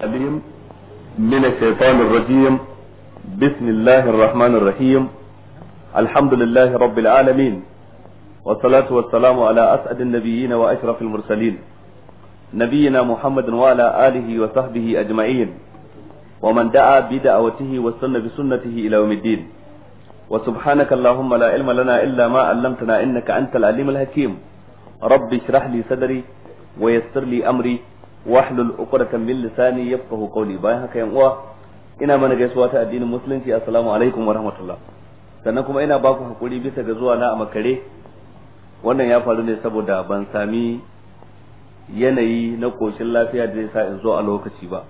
العليم من الشيطان الرجيم بسم الله الرحمن الرحيم الحمد لله رب العالمين والصلاة والسلام على أسعد النبيين وأشرف المرسلين نبينا محمد وعلى آله وصحبه أجمعين ومن دعا بدعوته وسن بسنته إلى يوم الدين وسبحانك اللهم لا علم لنا إلا ما علمتنا إنك أنت العليم الحكيم رب اشرح لي صدري ويسر لي أمري wahlul uqdatan min lisani yafqahu qawli bayan haka yan uwa ina mana gaisuwa ta addinin musulunci assalamu alaikum wa rahmatullah sannan kuma ina baku hakuri bisa ga zuwa na a makare wannan ya faru ne saboda ban sami yanayi na koshin lafiya da zai sa in zo a lokaci ba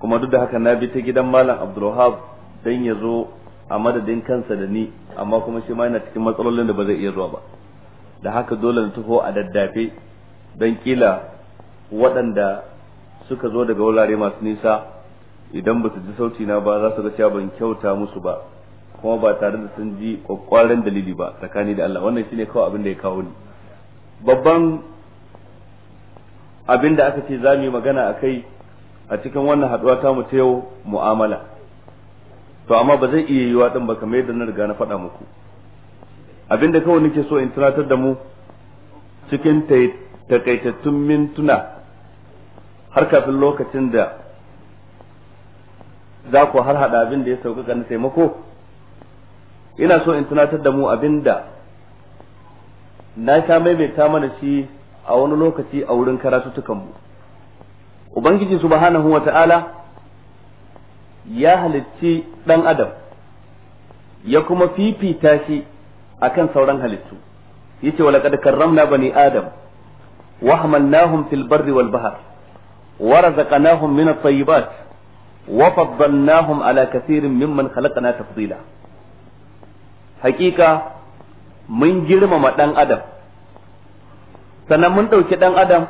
kuma duk da haka na bi ta gidan malam abdulwahab dan ya zo a madadin kansa da ni amma kuma shi ma yana cikin matsalolin da ba zai iya zuwa ba da haka dole na taho a daddafe don kila waɗanda suka zo daga wurare masu nisa idan ba su ji sauti na ba za su ga cewa ban kyauta musu ba kuma ba tare da sun ji kwakwaren dalili ba tsakani da Allah wannan shine kawai abin da ya kawo ni babban abin da aka ce za mu yi magana a kai a cikin wannan haɗuwa ta mu ta yau mu'amala to amma ba zai iya yiwa ɗin ba kamar yadda na riga na faɗa muku abin da kawai nake so in tunatar da mu cikin takaitattun mintuna har kafin lokacin da za ku har hada abin da ya sauƙaƙa na taimako ina so in tunatar da mu abin da na sha maimaita mana shi a wani lokaci a wurin karatutukanmu ubangiji subhanahu wa ta'ala ya halicci ɗan adam ya kuma fifita shi a kan sauran halittu yace wa karramna bani adam wa hamalnahum fil barri wal ورزقناهم من الطيبات وفضلناهم على كثير ممن خلقنا تفضيلا حقيقه من جرم ما دان sannan mun ɗauki ɗan adam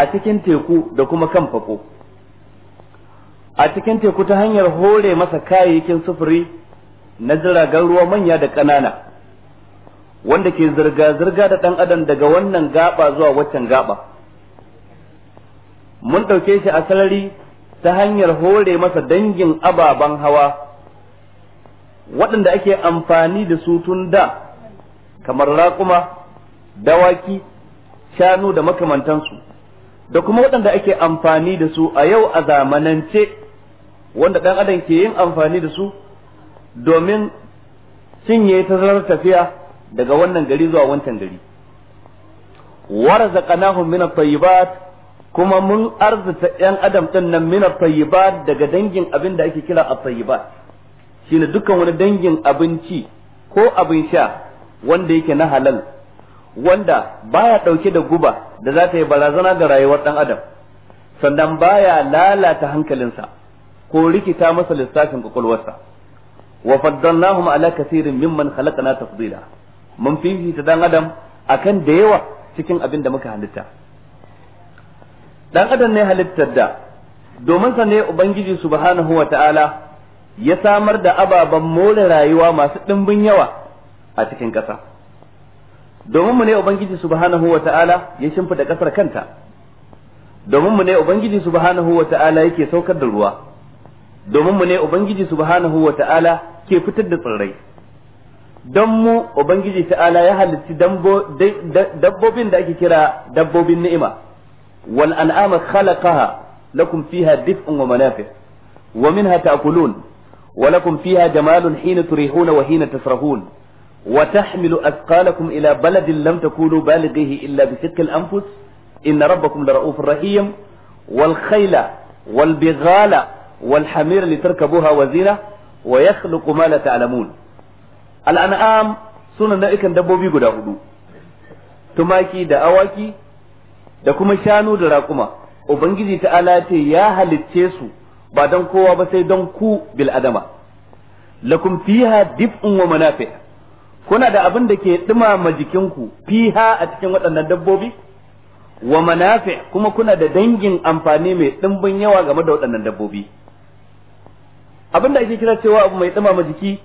a cikin teku da kuma kan fako a cikin teku ta hanyar hore masa kayayyakin sufuri na jiragen ruwa manya da ƙanana wanda ke zirga-zirga da ɗan adam daga wannan gaba zuwa waccan gaba mun ɗauke shi a sarari ta hanyar hore masa dangin ababen hawa waɗanda ake amfani da su tun da kamar raƙuma dawaki shanu da makamantansu da kuma waɗanda ake amfani da su a yau a zamanance wanda ɗan adam ke yin amfani da su domin cinye zarar tafiya daga wannan gari zuwa wancan gari warzaqnahum min at-tayyibat kuma mun arzuta yan adam ɗin nan min at daga dangin abin da ake kira at-tayyibat shine dukkan wani dangin abinci ko abin sha wanda yake na halal wanda baya ɗauke da guba da za ta yi barazana ga rayuwar ɗan adam sannan baya lalata hankalinsa ko rikita masa lissafin kwakwalwarsa wa faddalnahum ala kaseerin mimman khalaqna tafdila mun fifita dan adam akan da yawa cikin abin da muka halitta dan adam ne halittar da domin sa ne ubangiji subhanahu ta'ala ya samar da ababen more rayuwa masu dimbin yawa a cikin ƙasa domin mu ne ubangiji subhanahu ta'ala ya shimfida ƙasar kanta domin mu ne ubangiji subhanahu ta'ala yake saukar da ruwa domin mu ne ubangiji subhanahu ta'ala ke fitar da tsirrai don mu ubangiji ta'ala ya halitti dabbobin da ake kira dabbobin ni'ima والأنعام خلقها لكم فيها دفء ومنافع ومنها تأكلون ولكم فيها جمال حين تريحون وحين تسرحون وتحمل أثقالكم إلى بلد لم تكونوا بالغيه إلا بشق الأنفس إن ربكم لرؤوف رحيم والخيل والبغال والحمير لتركبوها وزينة ويخلق ما لا تعلمون الأنعام سنة نائكا دبوبي قد أهدو تماكي da awaki da kuma shanu da raƙuma ubangiji ta'ala ce ya halicce su ba don kowa ba sai don ku bil adama lakum fiha dif'un wa manafi' kuna da abin da ke dumama jikinku fiha a cikin waɗannan dabbobi wa manafi' kuma kuna da dangin amfani mai dimbin yawa game da waɗannan dabbobi abin da ake kira cewa abu mai dumama jiki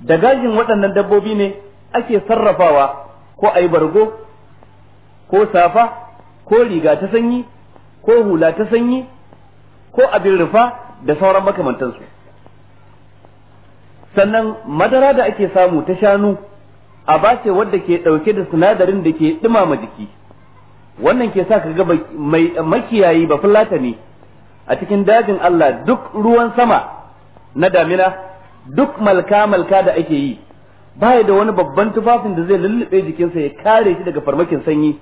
da gajin waɗannan dabbobi ne ake sarrafawa ko a yi bargo ko safa ko riga ta sanyi ko hula ta sanyi ko abin rufa da sauran makamantansu sannan madara da ake samu ta shanu a bace wadda ke ɗauke da sinadarin da ke ɗumama jiki wannan ke sa ka ga mai makiyayi ba fulata ne a cikin dajin Allah duk ruwan sama na damina duk malka malka da ake yi baya da wani babban tufafin da zai lullube jikinsa ya kare shi daga farmakin sanyi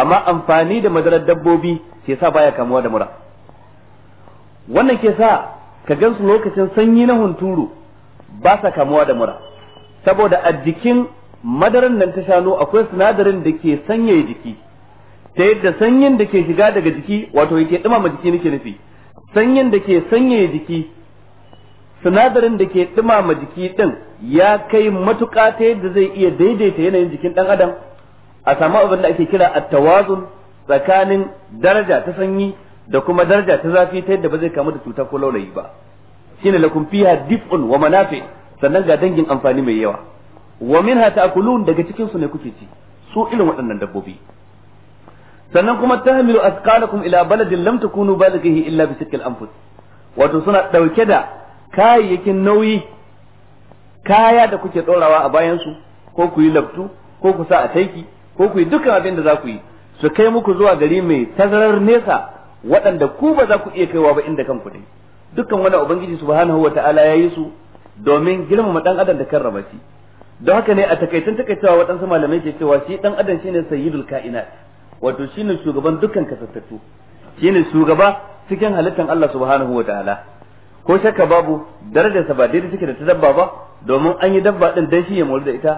amma amfani da madarar dabbobi ke sa baya kamuwa da mura wannan ke sa ka gansu lokacin sanyi na hunturu ba sa kamuwa da mura saboda a jikin madarar nan ta shanu akwai sinadarin da ke sanyaya jiki ta yadda sanyin da ke shiga daga jiki wato yake dumama jiki nake nufi sanyin da ke sanyaya jiki sinadarin da ke dumama jiki din ya kai matuƙa ta yadda zai iya daidaita yanayin jikin dan adam a samu abin da ake kira a tawazun tsakanin daraja ta sanyi da kuma daraja ta zafi ta yadda ba zai kamu da cuta ko laulayi ba shine lakum fiha dif'un wa manafi sannan ga dangin amfani mai yawa wa minha ta'kulun daga cikin su ne kuke ci su irin waɗannan dabbobi sannan kuma tahmilu asqalakum ila baladin lam takunu balighihi illa bi sikkil anfus wato suna dauke da kayayyakin nauyi kaya da kuke dorawa a bayan su ko ku yi laftu ko ku sa a taiki ko ku yi dukkan abin da za ku yi su kai muku zuwa gari mai tazarar nesa waɗanda ku ba za ku iya kaiwa ba inda kanku ne dukkan wani ubangiji subhanahu wataala ya yi su domin girmama dan adam da karrama shi don haka ne a takaitan takaitawa waɗansu malamai ke cewa shi dan adam shine sayyidul kainat wato shine shugaban dukkan kasattatu shine shugaba cikin halittan Allah subhanahu wataala ko shakka babu darajarsa ba daidai take da ta dabba ba domin an yi dabba din dan shi ya mori da ita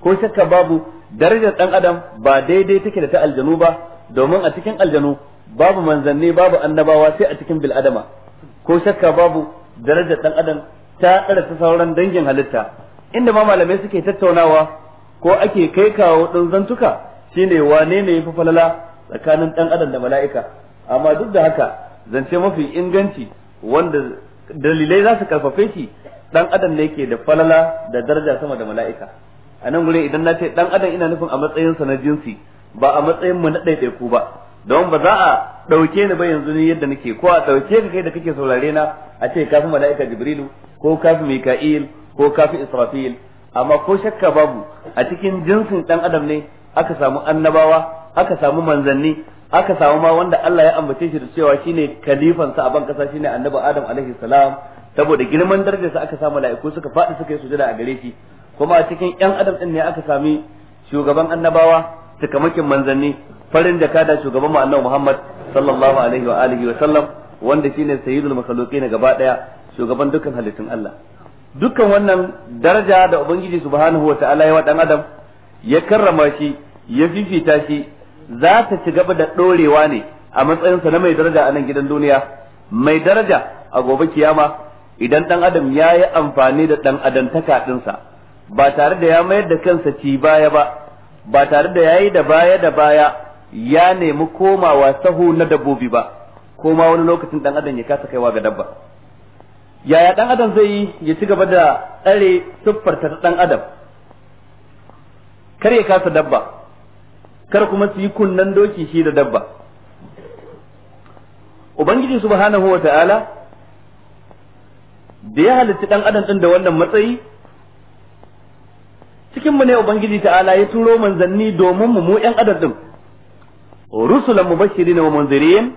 ko shakka babu darajar dan adam ba daidai take da ta aljanu ba domin a cikin aljanu babu manzanni babu annabawa sai a cikin bil adama ko shakka babu darajar dan adam ta tsara ta sauran dangin halitta inda ma malamai suke tattaunawa ko ake kai kawo dan zantuka shine wane ne yafi falala tsakanin dan adam da mala'ika amma duk da haka zance mafi inganci wanda dalilai za su karfafe shi dan adam ne yake da falala da daraja sama da mala'ika a nan gure idan na ce dan adam ina nufin a matsayin sa na jinsi ba a matsayin mu na ɗaiɗaiku ba don ba za a ɗauke ni ba yanzu ni yadda nake ko a ɗauke ka kai da kake saurare na a ce kafi mala'ika jibrilu ko kafi mika'il ko kafi israfil amma ko shakka babu a cikin jinsin dan adam ne aka samu annabawa aka samu manzanni aka samu ma wanda Allah ya ambace shi da cewa shine sa a ban kasa shine annabi adam alaihi salam saboda girman darajarsa aka samu mala'iku suka faɗi suka yi sujada a gare shi kuma a cikin ƴan adam ɗin ne aka sami shugaban annabawa tukamakin manzanni farin da kada shugaban mu annabi Muhammad sallallahu alaihi wa alihi wa sallam wanda shine sayyidul makhluqin gaba daya shugaban dukkan halittun Allah dukkan wannan daraja da ubangiji subhanahu wa ta'ala ya wa dan adam ya karrama shi ya fifita shi za ta ci gaba da ɗorewa ne a matsayinsa na mai daraja a nan gidan duniya mai daraja a gobe kiyama idan ɗan adam ya yi amfani da ɗan adantaka ɗinsa ba tare da ya mayar da kansa ci baya ba ba tare da yayi da baya da baya ya nemi komawa sahu na dabbobi ba koma wani lokacin dan adam ya kasa kaiwa ga dabba yaya dan adam zai yi ya ci gaba da tsare siffar ta dan adam kar ya kasa dabba kar kuma su yi kunnan doki shi da dabba ubangiji subhanahu ta'ala da ya halitta dan adam din da wannan matsayi cikin mu ne ubangiji ta'ala ya turo manzanni domin mu mu yan adam din rusulan mubashirin wa munzirin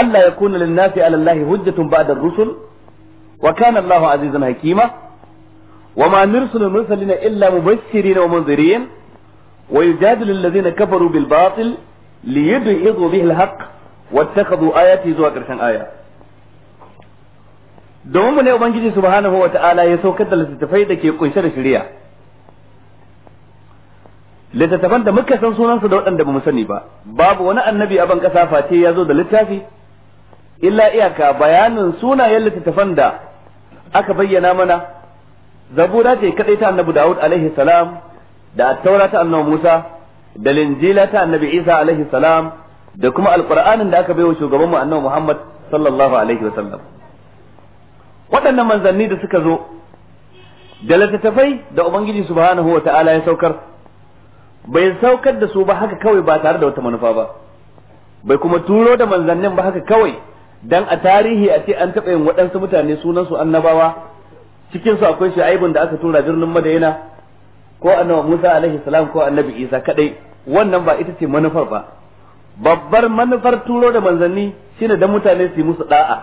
alla yakuna lin-nasi 'ala Allahi hujjatun ba'da ar-rusul wa kana Allahu 'azizan hakima wa wa ma mursalina illa mubashirin munzirin wa yujadilu alladhina kafaru bil batil li yudhidu bihi al-haq wa takhadhu ayati zuwa karshen aya domin mu ne ubangiji subhanahu wa ta'ala ya saukar da littattafai da ke kunshe da shari'a littattafan da muka san sunansu da waɗanda mu sani ba babu wani annabi a ban kasa face ya zo da littafi illa iyaka bayanin sunayen littattafan da aka bayyana mana zabura ce kadai ta annabi Dawud alaihi salam da Taura ta annabi Musa da linjila ta annabi Isa alaihi salam da kuma Alƙur'anin da aka baiwa shugaban mu annabi Muhammad sallallahu alaihi wasallam waɗannan manzanni da suka zo da littattafai da ubangiji subhanahu wa ta'ala ya saukar bai saukar da su ba haka kawai ba tare da wata manufa ba bai kuma turo da manzannin ba haka kawai dan a tarihi a ce an taɓa yin waɗansu mutane sunansu annabawa cikinsu akwai sha'aibun da aka tura birnin madaina ko annabi musa alaihi salam ko annabi isa kadai wannan ba ita ce manufar ba babbar manufar turo da manzanni shine da mutane su yi musu da'a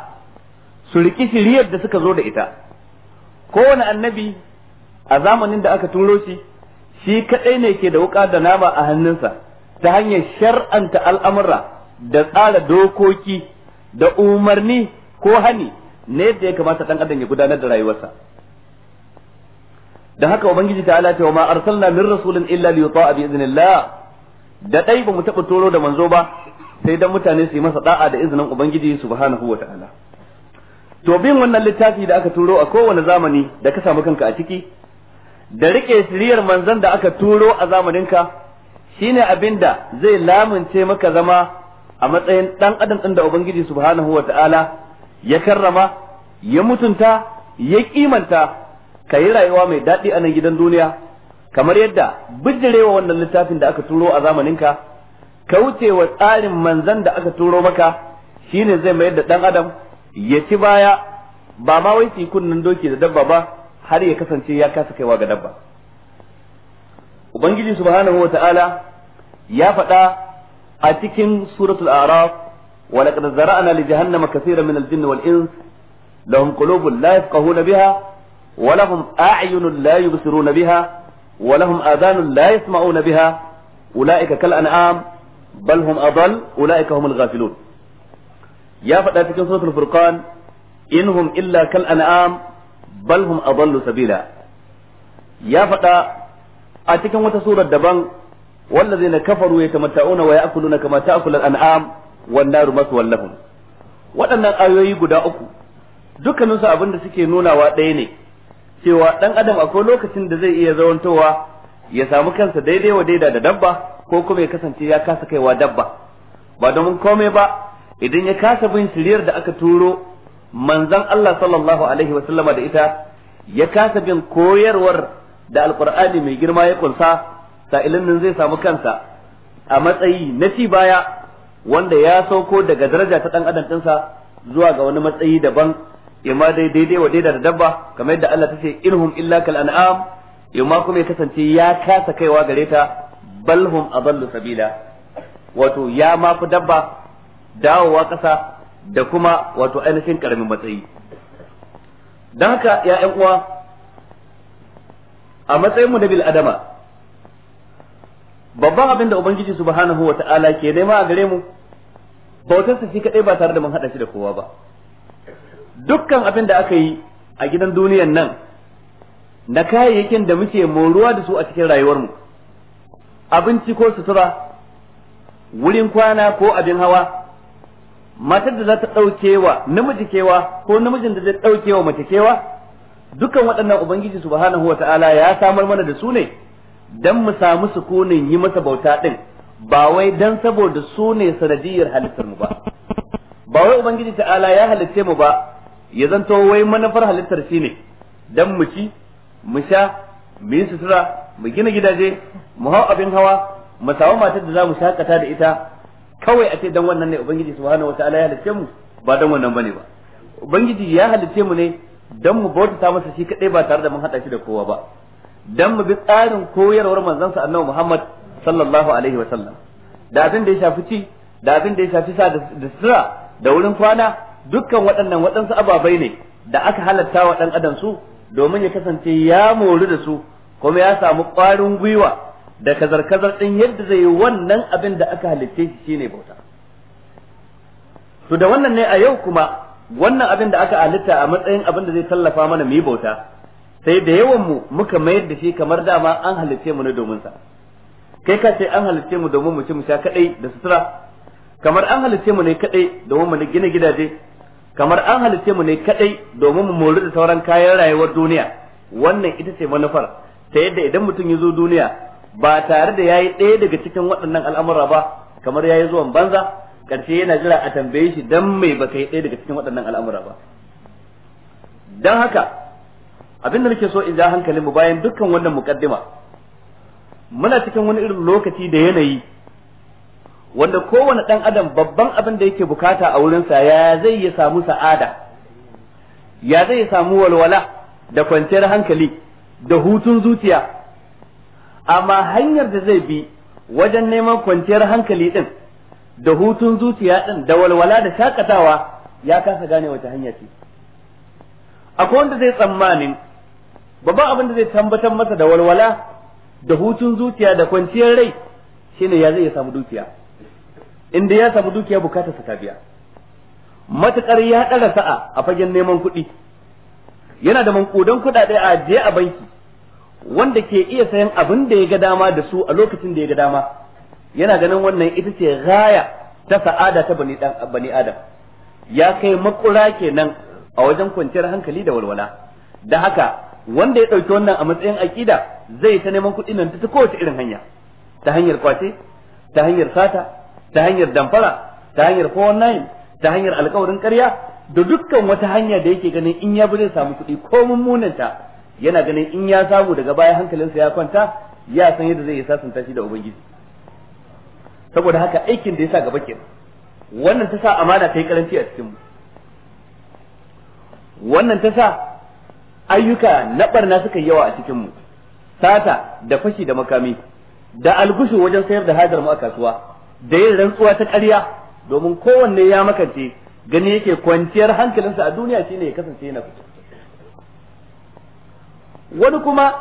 su riki shiriyar da suka zo da ita kowane annabi a zamanin da aka turo shi shi kadai ne ke da wuka da nama a hannunsa ta hanyar shar'anta al'amura da tsara dokoki da umarni ko hani ne da ya kamata dan adam ya gudanar da rayuwarsa da haka ubangiji ta ala ma arsalna min rasulin illa li yuta'a bi iznillah da dai bamu taba toro da manzo ba sai dan mutane su yi masa da'a da izinin ubangiji subhanahu wa ta'ala to bin wannan littafi da aka turo a kowane zamani da ka samu kanka a ciki da rike shiriyar manzon da aka turo a zamaninka shine abinda zai lamunce maka zama a matsayin dan adam din da ubangiji subhanahu wataala ya karrama ya mutunta ya kimanta ka yi rayuwa mai daɗi a nan gidan duniya kamar yadda bijirewa wannan littafin da aka turo a zamaninka ka wuce wa tsarin manzan da aka turo maka shine zai mayar da dan adam ya ci baya ba ma wai kunnen doki da dabba ba har ya kasance ya kasa kaiwa ga dabba ubangiji subhanahu wa ta'ala ya faɗa a cikin suratul araf wa laqad zara'na li jahannama kaseeran min al-jinni wal ins lahum qulubun la yafqahuna biha wa lahum a'yunun la yubsiruna biha wa lahum adhanun la yasma'una biha ulaika kal an'am bal hum adall ulaika humul ghafilun ya faɗa cikin suratul furqan inhum illa kal an'am bal hum adallu sabila ya faɗa a cikin wata surar daban wallazina kafaru yatamatta'una wa ya'kuluna kama ta'kulu al-an'am wan naru maswal lahum waɗannan ayoyi guda uku dukkanin su abinda suke nunawa ɗaya ne cewa dan adam akwai lokacin da zai iya zawantowa ya samu kansa daidai wa daida da dabba ko kuma ya kasance ya kasa kaiwa dabba ba domin komai ba idan ya kasa bin shiryar da aka turo manzon Allah sallallahu alaihi wasallama da ita ya kasa bin koyarwar da alkur'ani mai girma ya kunsa sa'ilin nan zai samu kansa a matsayi na ci baya wanda ya sauko daga daraja ta dan adam ɗinsa zuwa ga wani matsayi daban imma dai daidai wa daidai da dabba kamar yadda Allah ta ce inhum illa kal an'am imma kuma ya kasance ya kasa kaiwa gare ta balhum adallu sabila wato ya ma fi dabba dawowa kasa da kuma wato ainihin karamin matsayi don haka 'ya'yan uwa a matsayinmu na bil'adama babban abin da ubangiji subhanahu wa ta'ala ke nema a gare mu bautarsa shi kaɗai ba tare da mun haɗa shi da kowa ba dukkan abin da aka yi a gidan duniyan nan na kayayyakin da muke moruwa da su a cikin rayuwarmu abinci ko sutura wurin kwana ko abin hawa matar da za ta ɗauke wa namiji kewa ko namijin da zai ɗauke wa mace kewa dukan waɗannan ubangiji subhanahu wa ta'ala ya samar mana da su ne dan mu samu sukunin yi masa bauta din ba wai dan saboda su ne sanadiyar halittar mu ba ba wai ubangiji ta'ala ya halitte mu ba ya zanto wai manufar halittar shi ne dan mu ci mu sha mu yi sutura mu gina gidaje mu hau abin hawa mu samu matar da za mu shakata da ita kawai a ce dan wannan ne ubangiji subhanahu wataala ya halicce mu ba dan wannan bane ba ubangiji ya halicce mu ne dan mu bautata masa shi kadai ba tare da mun hada shi da kowa ba dan mu bi tsarin koyarwar manzon sa annabi Muhammad sallallahu alaihi wa sallam da abin da ya shafi ci da abin da ya shafi sa da sura da wurin kwana dukkan waɗannan waɗansu ababai ne da aka halatta wa ɗan adam su domin ya kasance ya moru da su kuma ya samu ƙwarin gwiwa da kazar-kazar din yadda zai yi wannan abin da aka halitte shi shine bauta to da wannan ne a yau kuma wannan abin da aka halitta a matsayin abin da zai tallafa mana mu yi bauta sai da yawan mu muka mayar da shi kamar dama an halitte mu ne domin sa kai ka ce an halitte mu domin mu ci mu sha kadai da sutura kamar an halitte mu ne kadai domin mu gina gidaje kamar an halitte mu ne kadai domin mu mori da sauran kayan rayuwar duniya wannan ita ce manufar ta yadda idan mutum ya zo duniya ba tare da yayi ɗaya daga cikin waɗannan al'amura ba kamar yayi zuwan banza karshe yana jira a tambaye shi dan me baka yi ɗaya daga cikin waɗannan al'amura ba dan haka abin da nake so in ja hankalinmu bayan dukkan wannan mukaddima muna cikin wani irin lokaci da yanayi wanda kowane ɗan adam babban abin da yake bukata a wurinsa ya zai ya samu sa'ada ya zai ya samu walwala da kwanciyar hankali da hutun zuciya amma hanyar da zai bi wajen neman kwanciyar hankali din da hutun zuciya din da walwala da shakatawa ya kasa gane wata hanya ce akwai wanda zai tsammanin babban abin da zai tambatar masa da walwala da hutun zuciya da kwanciyar rai shine ya zai samu dukiya inda ya samu dukiya bukatar sa ta biya matukar ya ɗara sa'a a fagen neman kuɗi yana da mankudan kuɗaɗe a je a banki wanda ke iya sayan abin da ya ga dama da su a lokacin da ya ga dama yana ganin wannan ita ce gaya ta sa'ada ta bani dan bani adam ya kai makura kenan a wajen kwanciyar hankali da walwala da haka wanda ya dauki wannan a matsayin akida zai ta neman kuɗi nan ta kowace irin hanya ta hanyar kwace ta hanyar sata ta hanyar damfara ta hanyar 419 ta hanyar alkawarin ƙarya da dukkan wata hanya da yake ganin in ya bi zai samu kuɗi ko mummunanta yana ganin in ya samu daga baya hankalinsa ya kwanta ya san yadda zai yi sasanta shi da ubangiji saboda haka aikin da ya sa gaba ke wannan ta sa amana ta yi karanci a cikin wannan ta sa ayyuka na barna suka yi yawa a cikin mu sata da fashi da makami da algushu wajen sayar da hajar mu a kasuwa da yin rantsuwa ta ƙarya domin kowanne ya makance gani yake kwanciyar hankalinsa a duniya shine ya kasance yana fito wani kuma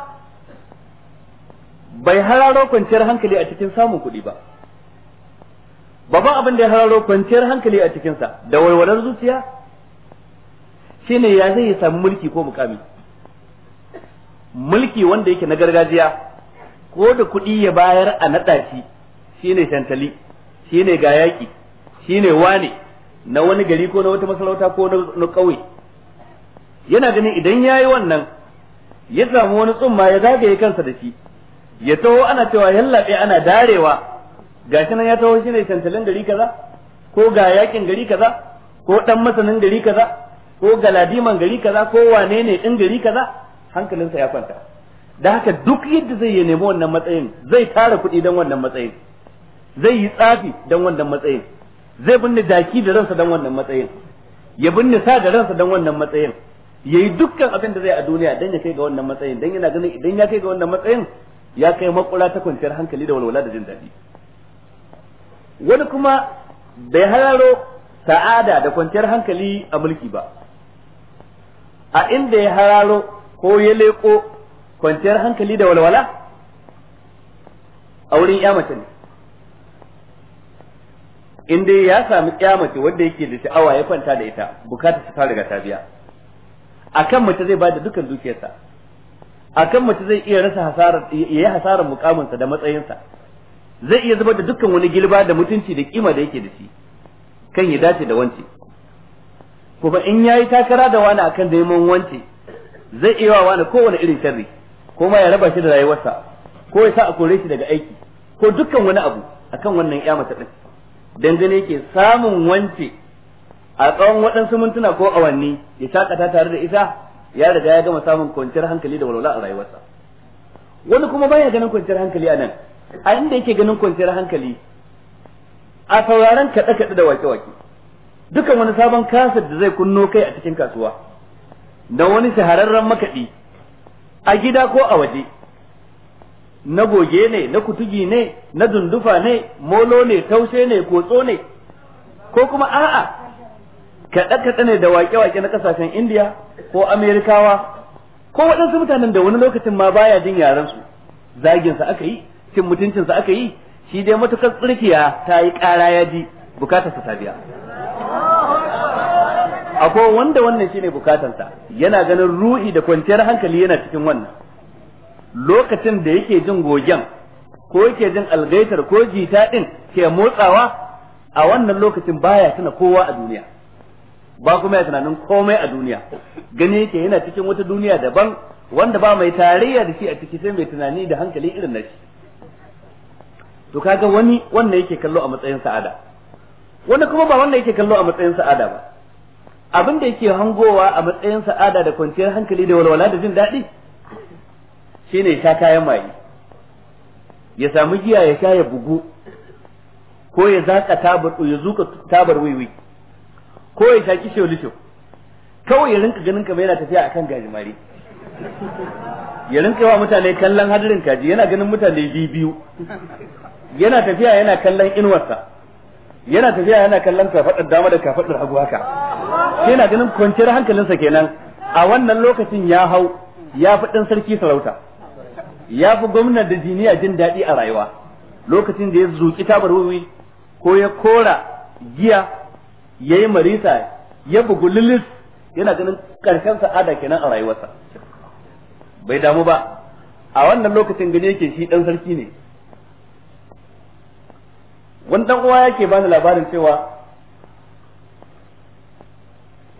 bai hararo kwanciyar hankali a cikin samun kuɗi ba babban abin da ya hararo kwanciyar hankali a cikinsa da walwalar zuciya shine ya zai yi sami mulki ko mukami mulki wanda yake na gargajiya ko da kuɗi ya bayar a naɗa shi shine shantali shine ga yaƙi shine wane na wani gari ko na wata masarauta ko na ƙauye yana ganin idan ya yi wannan ya samu wani tsumma ya zagaye kansa da shi ya taho ana cewa yallaɓe ana darewa gashi nan ya taho shine cancalin gari kaza ko ga yakin gari kaza ko dan masanin gari kaza ko galadiman gari kaza ko wane ne din gari kaza hankalinsa ya kwanta da haka duk yadda zai nemi wannan matsayin zai tara kuɗi don wannan matsayin zai yi tsafi don wannan matsayin zai binne daki da ransa don wannan matsayin ya binne sa da ransa don wannan matsayin yayi dukkan abin da zai a duniya dan ya kai ga wannan matsayin dan yana ganin idan ya kai ga wannan matsayin ya kai makura ta kwanciyar hankali da walwala da jin daɗi wani kuma bai hararo sa'ada da kwanciyar hankali a mulki ba a inda ya hararo ko ya leko kwanciyar hankali da walwala a wurin mace ne inda ya sami mace wanda yake da sha'awa ya kwanta da ita bukata ta riga ta biya akan mace zai bada dukkan dukiyarsa akan mace zai iya rasa hasarar yayi hasarar mukaminsa da matsayinsa zai iya zubar da dukkan wani gilba da mutunci da kima da yake da shi kan ya dace da wance kuma in yayi takara da wani akan neman wance zai iya wa wani kowane irin sharri ko ma ya raba shi da rayuwarsa ko ya sa a kore shi daga aiki ko dukkan wani abu akan wannan ya mace din dangane yake samun wance a tsawon waɗansu mintuna ko awanni ya shakata tare da ita ya riga ya gama samun kwanciyar hankali da walwala a rayuwarsa wani kuma baya ganin kwanciyar hankali a nan a inda yake ganin kwanciyar hankali a sauraron kaɗe-kaɗe da wake-wake dukan wani sabon kasar da zai kunno kai a cikin kasuwa da wani shahararren makaɗi a gida ko a waje na goge ne na kutugi ne na dundufa ne molo ne taushe ne kotso ne ko kuma a'a kaɗe-kaɗe ne da waƙe-waƙe na ƙasashen indiya ko amerikawa ko waɗansu mutanen da wani lokacin ma baya jin yarensu zaginsa aka yi cin mutuncinsa aka yi shi dai matukar tsirkiya ta yi ƙara ya ji bukatarsa ta biya akwai wanda wannan shine bukatarsa yana ganin ru'i da kwanciyar hankali yana cikin wannan lokacin da yake jin gogen ko yake jin algaitar ko jita din ke motsawa a wannan lokacin baya tuna kowa a duniya ba kuma ya tunanin komai a duniya gani yake yana cikin wata duniya daban wanda ba mai tarayya da shi a ciki sai mai tunani da hankali irin na shi to kaga wani wanda yake kallo a matsayin sa'ada wani kuma ba wanda yake kallo a matsayin sa'ada ba abin da yake hangowa a matsayin sa'ada da kwanciyar hankali da walwala da jin daɗi shine ya sha kayan maye ya samu giya ya sha ya bugu ko ya zaka tabar ya zuka tabar wiwi ko ya shaki sholuto kawai ya rinka ganin ka yana tafiya akan gajimare ya rinka wa mutane kallon hadirin kaji yana ganin mutane biyu yana tafiya yana kallon inuwarsa yana tafiya yana kallon kafadar dama da kafadar hagu haka yana ganin kwanciyar hankalinsa kenan a wannan lokacin ya hau ya fi ɗan sarki sarauta ya fi gwamnan da jiniya jin daɗi a rayuwa lokacin da ya zuƙi tabar wuri ko ya kora giya yayi marisa ya bugu lilis yana ganin ƙarshen sa'ada kenan a rayuwarsa bai damu ba a wannan lokacin gani yake shi dan sarki ne wani dan uwa yake bani labarin cewa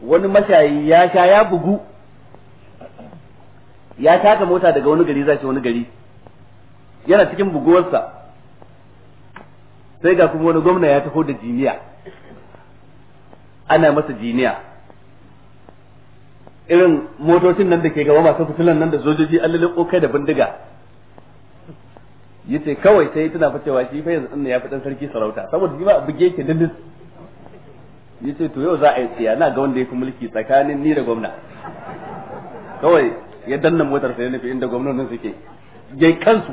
wani mashayi ya sha ya bugu ya taka mota daga wani gari zai wani gari yana cikin buguwarsa sai ga kuma wani gwamna ya taho da jiniya ana masa jiniya irin motocin nan da ke gaba masu fitilan nan da zojoji an lalle da bindiga yace kawai sai tana fa cewa shi fa yanzu din ya fitan sarki sarauta saboda shi ba buge yake dindin yace to yau za a yi tsiya na ga wanda ya fi mulki tsakanin ni da gwamna kawai ya danna motar sai nufi inda gwamnonin suke gai kansu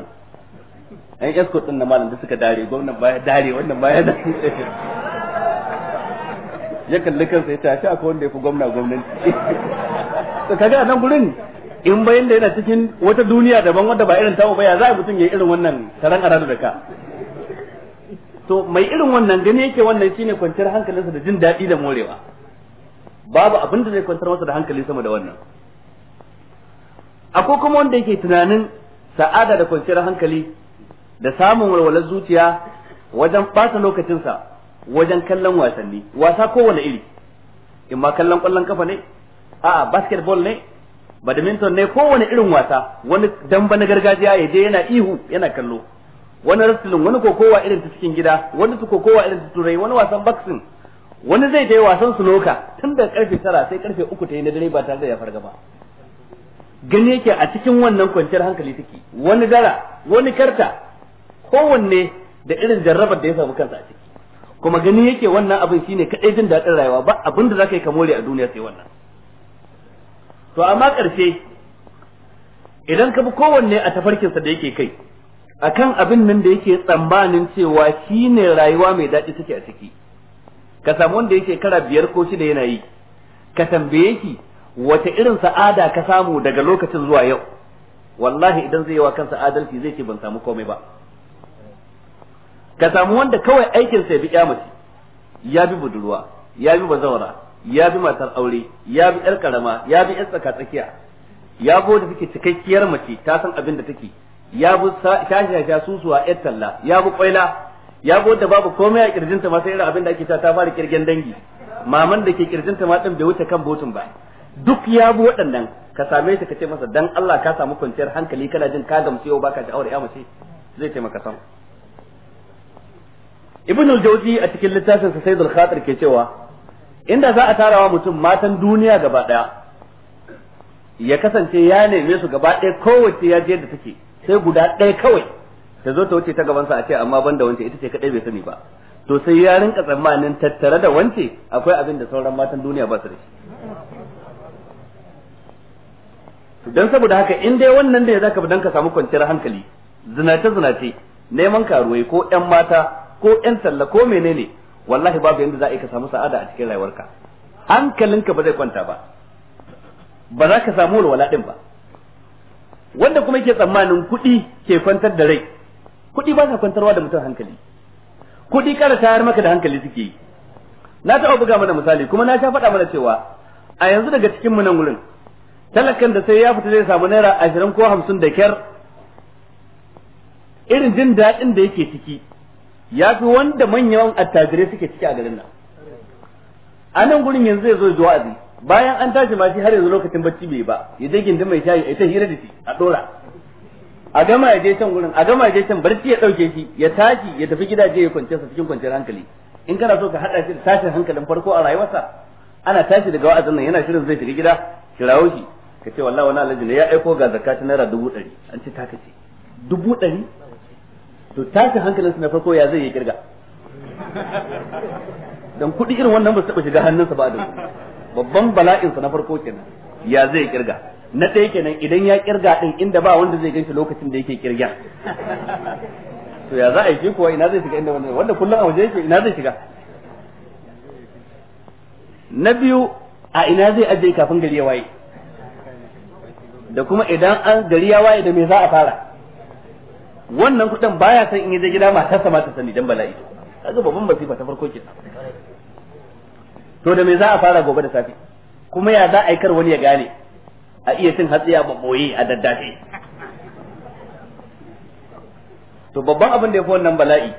an escort din na malam da suka dare gwamnan baya dare wannan baya dare ya kalli kansa ya tashi akwai wanda ya fi gwamna gwamnati to kaga a nan gurin in bayan da yana cikin wata duniya daban wanda ba irin tamu ba ya za a mutum ya yi irin wannan taron aradu da ka to mai irin wannan gani yake wannan shine kwanciyar hankalinsa da jin daɗi da morewa babu abin da zai kwantar masa da hankali sama da wannan akwai kuma wanda yake tunanin sa'ada da kwanciyar hankali da samun walwalar zuciya wajen ɓata lokacinsa wajen kallon wasanni wasa kowane iri in ma kallon kwallon kafa ne a'a basketball ne badminton ne kowane irin wasa wani damba na gargajiya ya je yana ihu yana kallo wani wrestling wani kokowa irin ta cikin gida wani su kokowa irin ta turai wani wasan boxing wani zai je wasan loka tun da karfe tara sai karfe uku ta yi na dare ba tare da ya farga ba gani yake a cikin wannan kwanciyar hankali take wani dara wani karta kowanne da irin jarrabar da ya samu kansa a ciki kuma gani yake wannan abin shine kadai jin daɗin rayuwa ba abin da zaka yi ka more a duniya sai wannan to amma ƙarshe idan ka bi kowanne a tafarkinsa da yake kai akan abin nan da yake tsammanin cewa shine rayuwa mai daɗi take a ciki ka samu wanda yake kara biyar ko shida yana yi ka tambaye shi wata irin sa'ada ka samu daga lokacin zuwa yau wallahi idan zai yi wa kansa adalci zai ce ban samu komai ba ka samu wanda kawai aikin sa bi kyamati ya bi budurwa ya bi bazawara ya bi matar aure ya bi yar karama ya bi yar tsaka tsakiya ya bi wanda take cikakkiyar mace ta san abin da take ya bi shashi shashi susuwa yar talla ya bi kwaila ya bi wanda babu komai a kirjinta ma sai irin abin da ake ta ta fara kirgen dangi maman da ke kirjinta ma din bai wuce kan botun ba duk ya bi waɗannan ka same shi ka ce masa dan Allah ka samu kwanciyar hankali kana jin ka gamsu yau baka sha'awar ya mace zai taimaka sama ibn al-jawzi a cikin littafin sa sayyidul khatir ke cewa inda za a tarawa mutum matan duniya gaba daya ya kasance ya neme su gaba daya kowace ya je da take sai guda ɗaya kawai ta zo ta wuce ta gabansa a ce amma ban da wance ita ce kadai bai sani ba to sai ya rinka tsammanin tattare da wance akwai abin da sauran matan duniya ba su da shi don saboda haka in dai wannan da ya zaka dan ka samu kwanciyar hankali zinace zinace neman karuwai ko 'yan mata ko yan talla ko menene wallahi babu yanda za a yi ka samu sa'ada a cikin rayuwarka hankalinka ba zai kwanta ba ba za ka samu walwala din ba wanda kuma yake tsammanin kuɗi ke kwantar da rai kuɗi ba sa kwantarwa da mutum hankali kuɗi ƙara tayar maka da hankali suke yi na taɓa buga mana misali kuma na sha faɗa mana cewa a yanzu daga cikin mu nan wurin talakan da sai ya fita zai samu naira ashirin ko hamsin da kyar irin jin daɗin da yake ciki ya fi wanda manyan attajirai suke ciki a garin nan a nan gurin yanzu ya zo zuwa azi bayan an tashi ma shi har yanzu lokacin bacci bai ba ya je gindin mai shayi ya ta hira da shi a dora a gama ya je can gurin a gama ya je can barci ya dauke shi ya tashi ya tafi gidaje ya kwance sa cikin kwanciyar hankali in kana so ka hada shi da tashin hankalin farko a rayuwarsa ana tashi daga wa'azin nan yana shirin zai shiga gida kirawo shi ka ce wallahi wani alhaji ne ya aiko ga zakka naira dubu ɗari an ce ta ka ce dubu ɗari to tashin su na farko ya zai yi kirga dan kuɗi irin wannan ba su taɓa shiga hannunsa ba dan babban sa na farko kenan ya zai kirga na ɗaya kenan idan ya kirga din inda ba wanda zai ganshi lokacin da yake kirga to ya za a yi kuwa ina zai shiga inda wannan wanda kullum a waje yake ina zai shiga na biyu a ina zai aje kafin gari ya waye da kuma idan an gari ya waye da me za a fara wannan kuɗin baya san in je gida matarsa ma ta sani dan bala'i kaga babban masifa ta farko kenan to da me za a fara gobe da safe kuma ya za a aikar wani ya gane a iya cin hatsi a baboye a daddafe to babban abin da ya fi wannan bala'i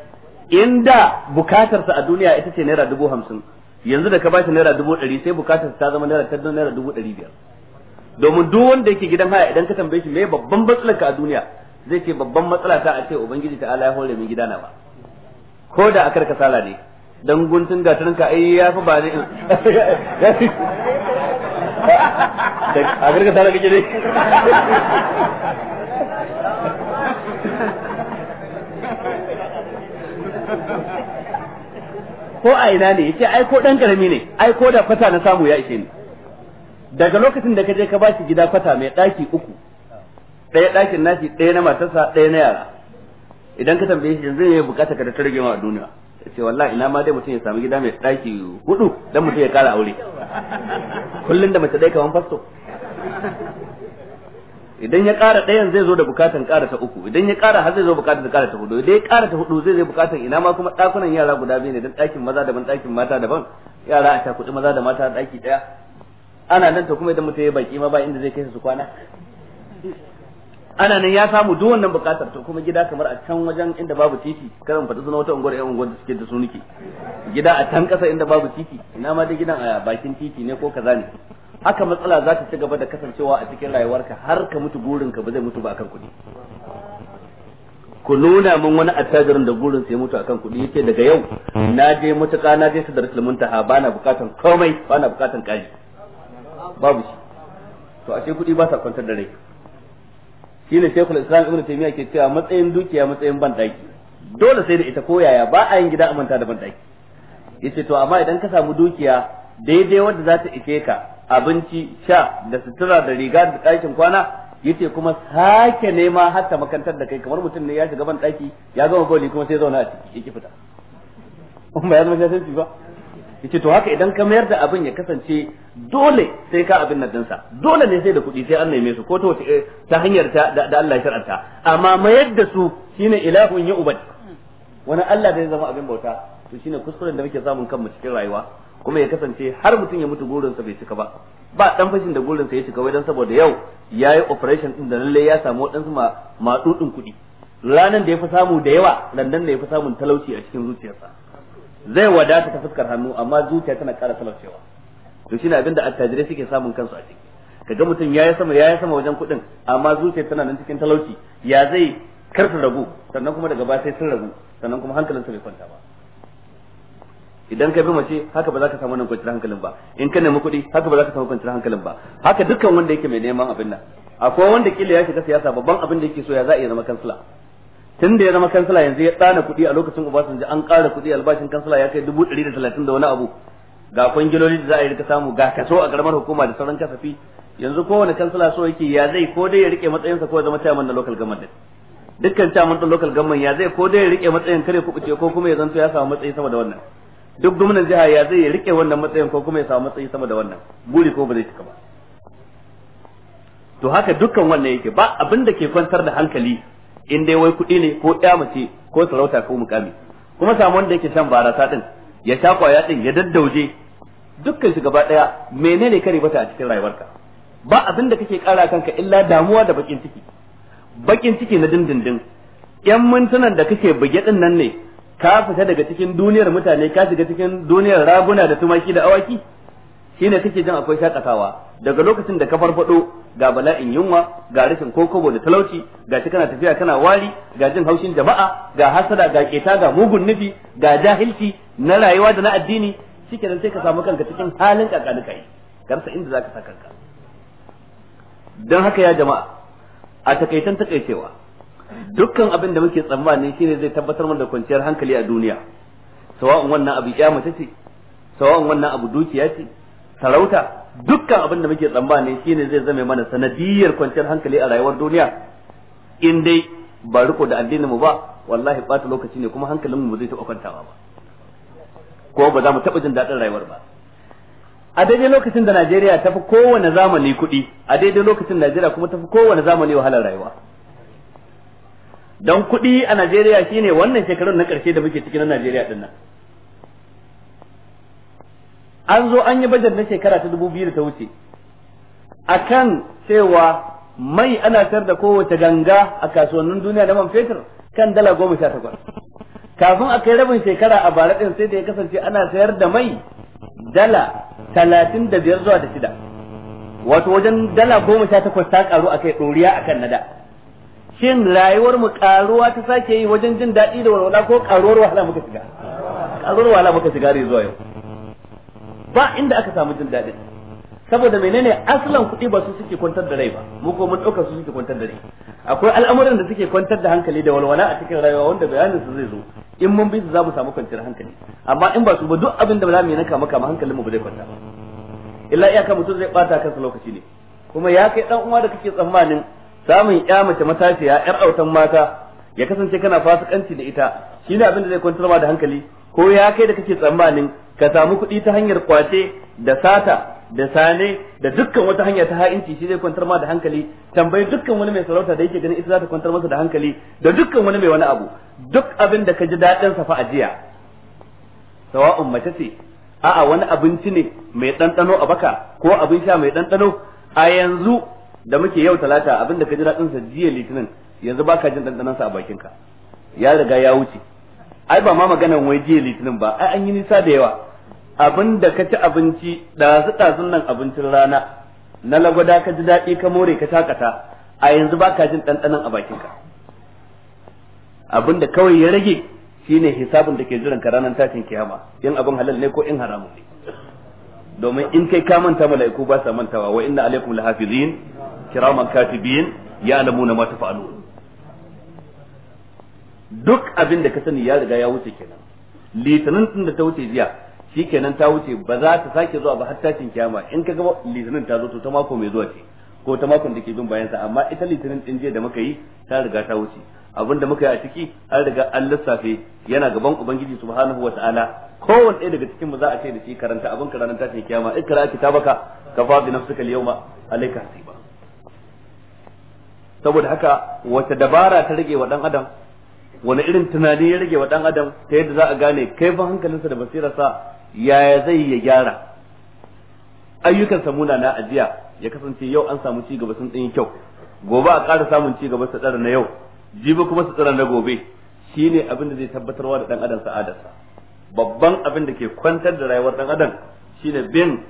inda bukatarsa a duniya ita ce naira dubu hamsin yanzu da ka ba shi naira dubu ɗari sai bukatarsa ta zama naira tattalin naira dubu ɗari biyar domin duk wanda yake gidan haya idan ka tambaye shi me babban matsalar ka a duniya zai ce babban matsala ta a ce ubangiji ta ala ya hore min gidana ba ko da karka sala ne dan guntun gatarin ka ai ya fi ba ne karka kasala kake ne ko a ina ne yace ai ko dan karami ne ai ko da kwata na samu ya ishe ni daga lokacin da ka je ka bashi gida kwata mai daki uku ɗaya ɗakin nashi ɗaya na matarsa ɗaya na yara idan ka tambaye shi yanzu ya bukata ka da ta rage ma duniya ce wallahi ina ma dai mutum ya sami gida mai ɗaki hudu dan mutum ya kara aure kullum da mace ɗaya kaman fasto idan ya kara ɗayan zai zo da bukatan kara ta uku idan ya kara har zai zo bukatan kara ta hudu idan ya kara ta hudu zai zai bukatan ina ma kuma ɗakunan yara guda biyu ne dan ɗakin maza daban ɗakin mata daban yara a kuɗi maza da mata ɗaki ɗaya ana nan ta kuma idan mutum ya baki ma ba inda zai kai su kwana ana nan ya samu duk wannan bukatar to kuma gida kamar a can wajen inda babu titi karan fata suna wata unguwar yan unguwar da suke da su nake gida a can kasa inda babu titi ina ma da gidan a bakin titi ne ko kaza ne haka matsala za ta ci gaba da kasancewa a cikin rayuwarka har ka mutu burinka ba zai mutu ba akan kuɗi ku nuna min wani attajirin da gurin sai mutu akan kuɗi yake daga yau na je mutuka na je sidratul muntaha bana bukatan komai bana bukatan kaji babu shi to ashe kuɗi ba sa kwantar da rai sai shekul islam ibn taymiya ke cewa matsayin dukiya matsayin ban daki dole sai da ita ko yaya ba a yin gida a manta da ban daki yace to amma idan ka samu dukiya daidai wanda za ta ishe ka abinci sha da sutura da riga da ɗakin kwana yace kuma sake nema har ta makantar da kai kamar mutum ne ya shiga ban daki ya gama goli kuma sai zauna a ciki yake fita kuma ya zama sai ba yace to haka idan ka mayar da abin ya kasance dole sai ka abin nan dinsa dole ne sai da kuɗi sai an neme su ko ta eh, ta hanyar ta da Allah ya shar'anta amma mayar da su shine ilahun ya ubad wani Allah zai zama abin bauta to shine kuskuren da muke samun kanmu cikin rayuwa kuma ya kasance har mutum ya mutu sa bai cika ba ba dan fashin da sa ya cika wai dan saboda yau yayi operation din da lalle ya samu wadansu ma matsudin kuɗi ranan da ya fi samu da yawa nan da ya fi samun talauci a cikin zuciyarsa zai wadata ta fuskar hannu amma zuciya tana ƙara talaucewa to shine abin da attajirai suke samun kansu a ciki kaga mutum yayi sama yayi sama wajen kuɗin amma zuciya tana nan cikin talauci ya zai karsa ragu sannan kuma daga baya sai sun ragu sannan kuma hankalin sa bai kwanta ba idan ka bi mace haka ba za ka samu nan kwanciyar hankalin ba in ka nemi kuɗi haka ba za ka samu kwanciyar hankalin ba haka dukkan wanda yake mai neman abin nan akwai wanda kila ya shiga siyasa babban abin da yake so ya za a iya zama kansila tun da ya zama kansila yanzu ya tsana kuɗi a lokacin Obasanjo an ƙara kuɗi albashin kansila ya kai dubu ɗari da talatin da wani abu ga kwangiloli da za a yi rika samu ga kaso a ƙaramar hukuma da sauran kasafi yanzu kowane kansila so yake ya zai ko dai ya rike matsayinsa ko ya zama chairman na local government dukkan chairman din local government ya zai ko dai ya rike matsayin kare kubuce ko kuma ya zanto ya samu matsayi sama da wannan duk gwamnan jiha ya zai ya rike wannan matsayin ko kuma ya samu matsayi sama da wannan buri ko ba zai cika ba to haka dukkan wannan yake ba abin da ke kwantar da hankali in dai wai kuɗi ne ko ƴa mace ko sarauta ko mukami kuma samu wanda yake shan barasa ɗin ya sha kwaya ɗin ya daddauje dukkan shi gaba daya menene kare bata a cikin rayuwarka ba abin da kake kara kanka illa damuwa da bakin ciki bakin ciki na dindindin yan mintunan da kake buge ɗin nan ne ka fita daga cikin duniyar mutane ka shiga cikin duniyar raguna da tumaki da awaki shine kake jin akwai shakatawa daga lokacin da ka farfaɗo. ga bala'in yunwa ga rashin kokobo da talauci ga shi kana tafiya kana wari ga jin haushin jama'a ga hasada ga keta ga mugun nufi ga jahilci na rayuwa da na addini da sai ka samu kanka cikin halin yi garsa inda zaka sa kanka Don haka ya jama'a a takaitan takaitewa dukkan abin da muke tsammani ne zai tabbatar mana da kwanciyar hankali a duniya sawa'un wannan abu ce sawa'un wannan abu dukiya ce sarauta dukkan abin da muke tsammani shine zai zame mana sanadiyar kwanciyar hankali a rayuwar duniya in dai ba riko da addinin mu ba wallahi ɓata lokaci ne kuma hankalin mu zai taɓa kwantawa ba ko ba za mu taɓa jin daɗin rayuwar ba a daidai lokacin da Najeriya ta fi kowane zamani kuɗi a daidai lokacin Najeriya kuma ta fi kowane zamani wahalar rayuwa don kuɗi a Najeriya shine wannan shekarun na ƙarshe da muke cikin na Najeriya ɗin an zo an yi bajar na shekara ta dubu biyu da ta wuce akan cewa mai ana tar da kowace ganga a kasuwannin duniya da man fetur kan dala goma sha takwas kafin a kai rabin shekara a bara ɗin sai da ya kasance ana sayar da mai dala talatin da biyar zuwa da shida wato wajen dala goma sha takwas ta karu a kai ɗoriya a kan nada shin rayuwar mu karuwa ta sake yi wajen jin daɗi da walwala ko karuwar wahala muka shiga karuwar wahala muka shiga zuwa yau ba inda aka samu jin daɗin saboda menene aslan kuɗi ba su suke kwantar da rai ba mu ko mun ɗauka su suke kwantar da rai akwai al'amuran da suke kwantar da hankali da walwala a cikin rayuwa wanda bayanin su zai zo in mun bi su za mu samu kwanciyar hankali amma in ba su ba duk abin da ba za mu yi naka kama kama hankalin mu ba zai kwanta ba illa iyaka mutum zai bata kansa lokaci ne kuma ya kai dan uwa da kake tsammanin samun ya mace matashiya yar autan mata ya kasance kana fasikanci da ita shine abin da zai kwantar ma da hankali ko ya kai da kake tsammanin ka samu kuɗi ta hanyar kwace da sata da sane da dukkan wata hanya ta ha'inci shi zai kwantar ma da hankali tambayi dukkan wani mai sarauta da yake ganin ita za ta kwantar masa da hankali da dukkan wani mai wani abu duk abin da ka ji daɗin sa fa a jiya sawa'un mace ce a'a wani abinci ne mai ɗanɗano a baka ko abin sha mai ɗanɗano a yanzu da muke yau talata abin da ka ji daɗin sa jiya litinin yanzu baka jin ɗanɗanon sa a bakinka ya riga ya wuce ai ba ma maganan wai jiya litinin ba ai an yi nisa da yawa abin da ka ci abinci ɗazu ɗazun nan abincin rana na lagwada ka ji daɗi ka more ka takata a yanzu ba ka jin ɗanɗanon a bakinka abin da kawai ya rage shine hisabin da ke jiran ka ranar tashin kiyama in abin halal ne ko in haramun ne domin in kai ka manta mala'iku ba sa mantawa wa inna alaikum lahafizin kiraman katibin na ma tafa'alun duk abin da ka sani ya riga ya wuce kenan litinin din da ta wuce jiya shi kenan ta wuce ba za ta sake zuwa ba har takin kiyama in ka ga litinin ta zo to ta mako mai zuwa ce ko ta makon da ke bin bayansa amma ita litinin din jiya da muka yi ta riga ta wuce abin da muka yi a ciki an riga an lissafe yana gaban ubangiji subhanahu wataala kowanne ɗaya daga cikin mu za a ce da shi karanta abin ka ranar tashin kiyama baka ka fa bi nafsika al alayka hasiba saboda haka wata dabara ta rage wa dan adam wani irin tunani ya rage wa dan adam ta yadda za a gane kaifin hankalinsa da basirarsa yaya zai ya gyara ayyukan samuna na ajiya ya kasance yau an samu ci gaba sun tsin kyau gobe a ƙara samun ci gaba su tsara na yau jibi kuma su tsara na gobe shine abin da zai tabbatarwa da dan adam sa'adarsa babban abin da ke kwantar da rayuwar dan adam shine bin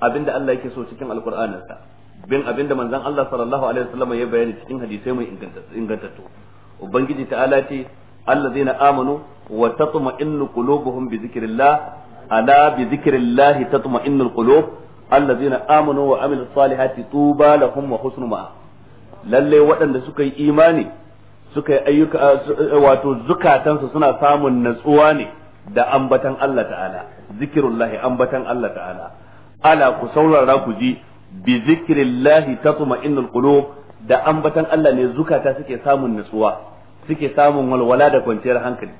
abin da Allah yake so cikin alkur'aninsa bin abin da manzon Allah sallallahu alaihi wasallam ya bayani cikin hadisai mai ingantattu ubangiji ta'ala ce allazina amanu wa tatma'innu qulubuhum bi dhikrillah ala bi dhikrillah tatma'innul qulub allazina amanu wa amilus salihati tuba lahum wa husnu ma. lalle waɗanda suka yi imani suka yi ayyuka wato zukatansu suna samun natsuwa ne da ambatan Allah ta'ala zikirullahi ambatan Allah ta'ala ala ku saurara ku ji bi zikrillahi tatma'innul qulub da ambatan Allah ne zukata suke samun natsuwa. suke samun walwala da kwanciyar hankali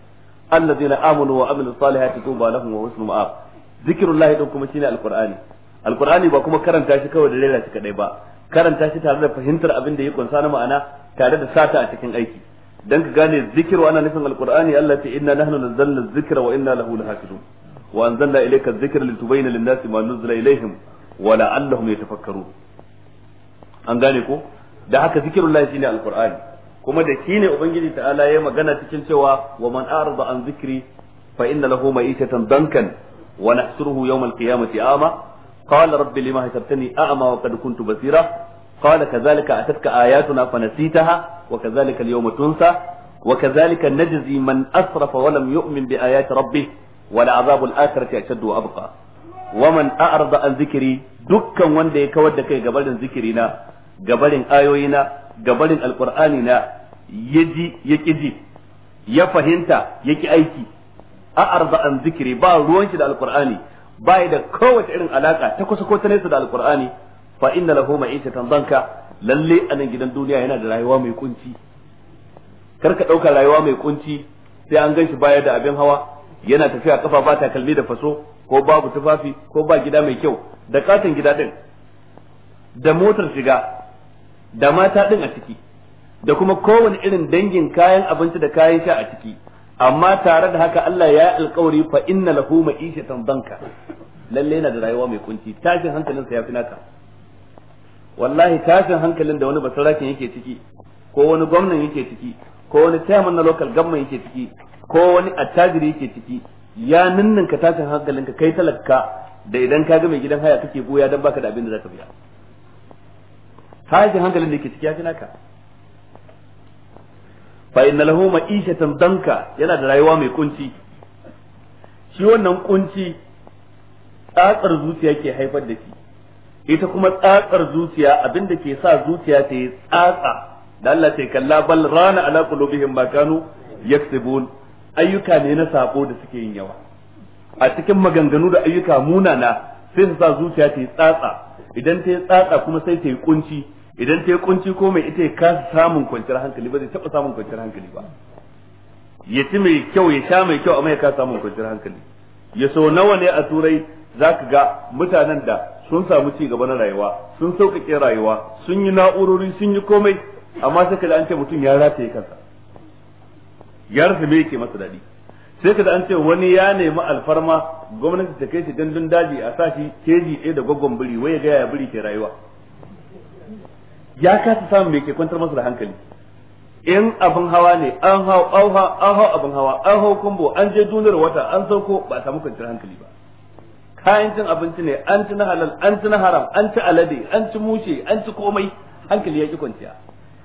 allazina amanu wa amilus salihati tuba lahum wa husnul ma'ab zikrullah din kuma shine alqur'ani alqur'ani ba kuma karanta shi kawai da laila shi kadai ba karanta shi tare da fahimtar abin da ya kunsa na ma'ana tare da sata a cikin aiki dan ka gane zikiru ana nufin alqur'ani Allah ta inna nahnu nazzalna dhikra wa inna lahu lahafizun wa anzalna ilayka dhikra litubayyana lin-nasi ma nuzila ilayhim wa la'allahum yatafakkarun an gane ko da haka zikirullahi shine alqur'ani kuma da shi ne ubangiji ta'ala ya magana cikin cewa wa man arda an zikri fa inna lahu ma'ishatan dankan wa nahsuruhu yawm al-qiyamati ama qala rabbi lima hasabtani a'ma wa qad kuntu basira qala kadhalika atatka ayatuna fa nasitaha wa kadhalika al-yawma tunsa wa kadhalika najzi man asrafa wa lam yu'min bi ayati rabbih wa la'adhabu al-akhirati ashaddu wa abqa wa man a'rada an zikri dukkan wanda ya kawar da kai gabarin zikirina gabarin ayoyina gabarin alqur'ani na yaji ya kiji ya fahimta ya ki aiki a arba an zikiri ba ruwan shi da alqur'ani ba da kowace irin alaka ta kusa ko ta nesa da alqur'ani fa inna lahu ma'ishatan danka lalle a nan gidan duniya yana da rayuwa mai kunci karka dauka rayuwa mai kunci sai an ganshi baya da abin hawa yana tafiya kafa ba takalmi da faso ko babu tufafi ko ba gida mai kyau da katin gida din da motar shiga da mata din a ciki da kuma kowane irin dangin kayan abinci da kayan sha a ciki amma tare da haka Allah ya yi alkawari fa inna lahu ma'ishatan danka lalle yana da rayuwa mai kunci tashin hankalinsa ya fi naka wallahi tashin hankalin da wani basarakin yake ciki ko wani gwamnan yake ciki ko wani chairman na local government yake ciki ko wani attajiri yake ciki ya ninninka tashin hankalinka kai talaka da idan ka ga mai gidan haya kake goya dan baka da abin da zaka biya tashin hankalin da yake ciki ya fi naka fa inna lahu ma'ishatan danka yana da rayuwa mai kunci shi wannan kunci tsatsar zuciya ke haifar da shi ita kuma tsatsar zuciya abin da ke sa zuciya ta yi tsatsa da Allah ta kalla bal rana ala qulubihim ma kanu yaksubun ayyuka ne na sabo da suke yin yawa a cikin maganganu da ayyuka munana sai su sa zuciya ta yi tsatsa idan ta yi tsatsa kuma sai ta yi kunci idan ta yi kunci ko mai ita ya kasa samun kwanciyar hankali ba zai taɓa samun kwanciyar hankali ba ya ci mai kyau ya sha mai kyau amma ya kasa samun kwanciyar hankali ya so nawa ne a turai ka ga mutanen da sun samu ci gaba na rayuwa sun sauƙaƙe rayuwa sun yi na'urori sun yi komai amma sai ka an ce mutum ya rataye kansa ya rasa me yake masa daɗi sai da an ce wani ya nemi alfarma gwamnati ta kai shi gandun daji a sa shi keji ɗaya da gwaggon biri wai ya ga ya biri ke rayuwa ya kasa samun mai ke kwantar masa da hankali in abin hawa ne an hau auha an hau abin hawa an hau kumbo an je duniyar wata an sauko ba samu kwanciyar hankali ba kayan cin abinci ne an ci na halal an ci na haram an ci alade an ci mushe an ci komai hankali ya ki kwanciya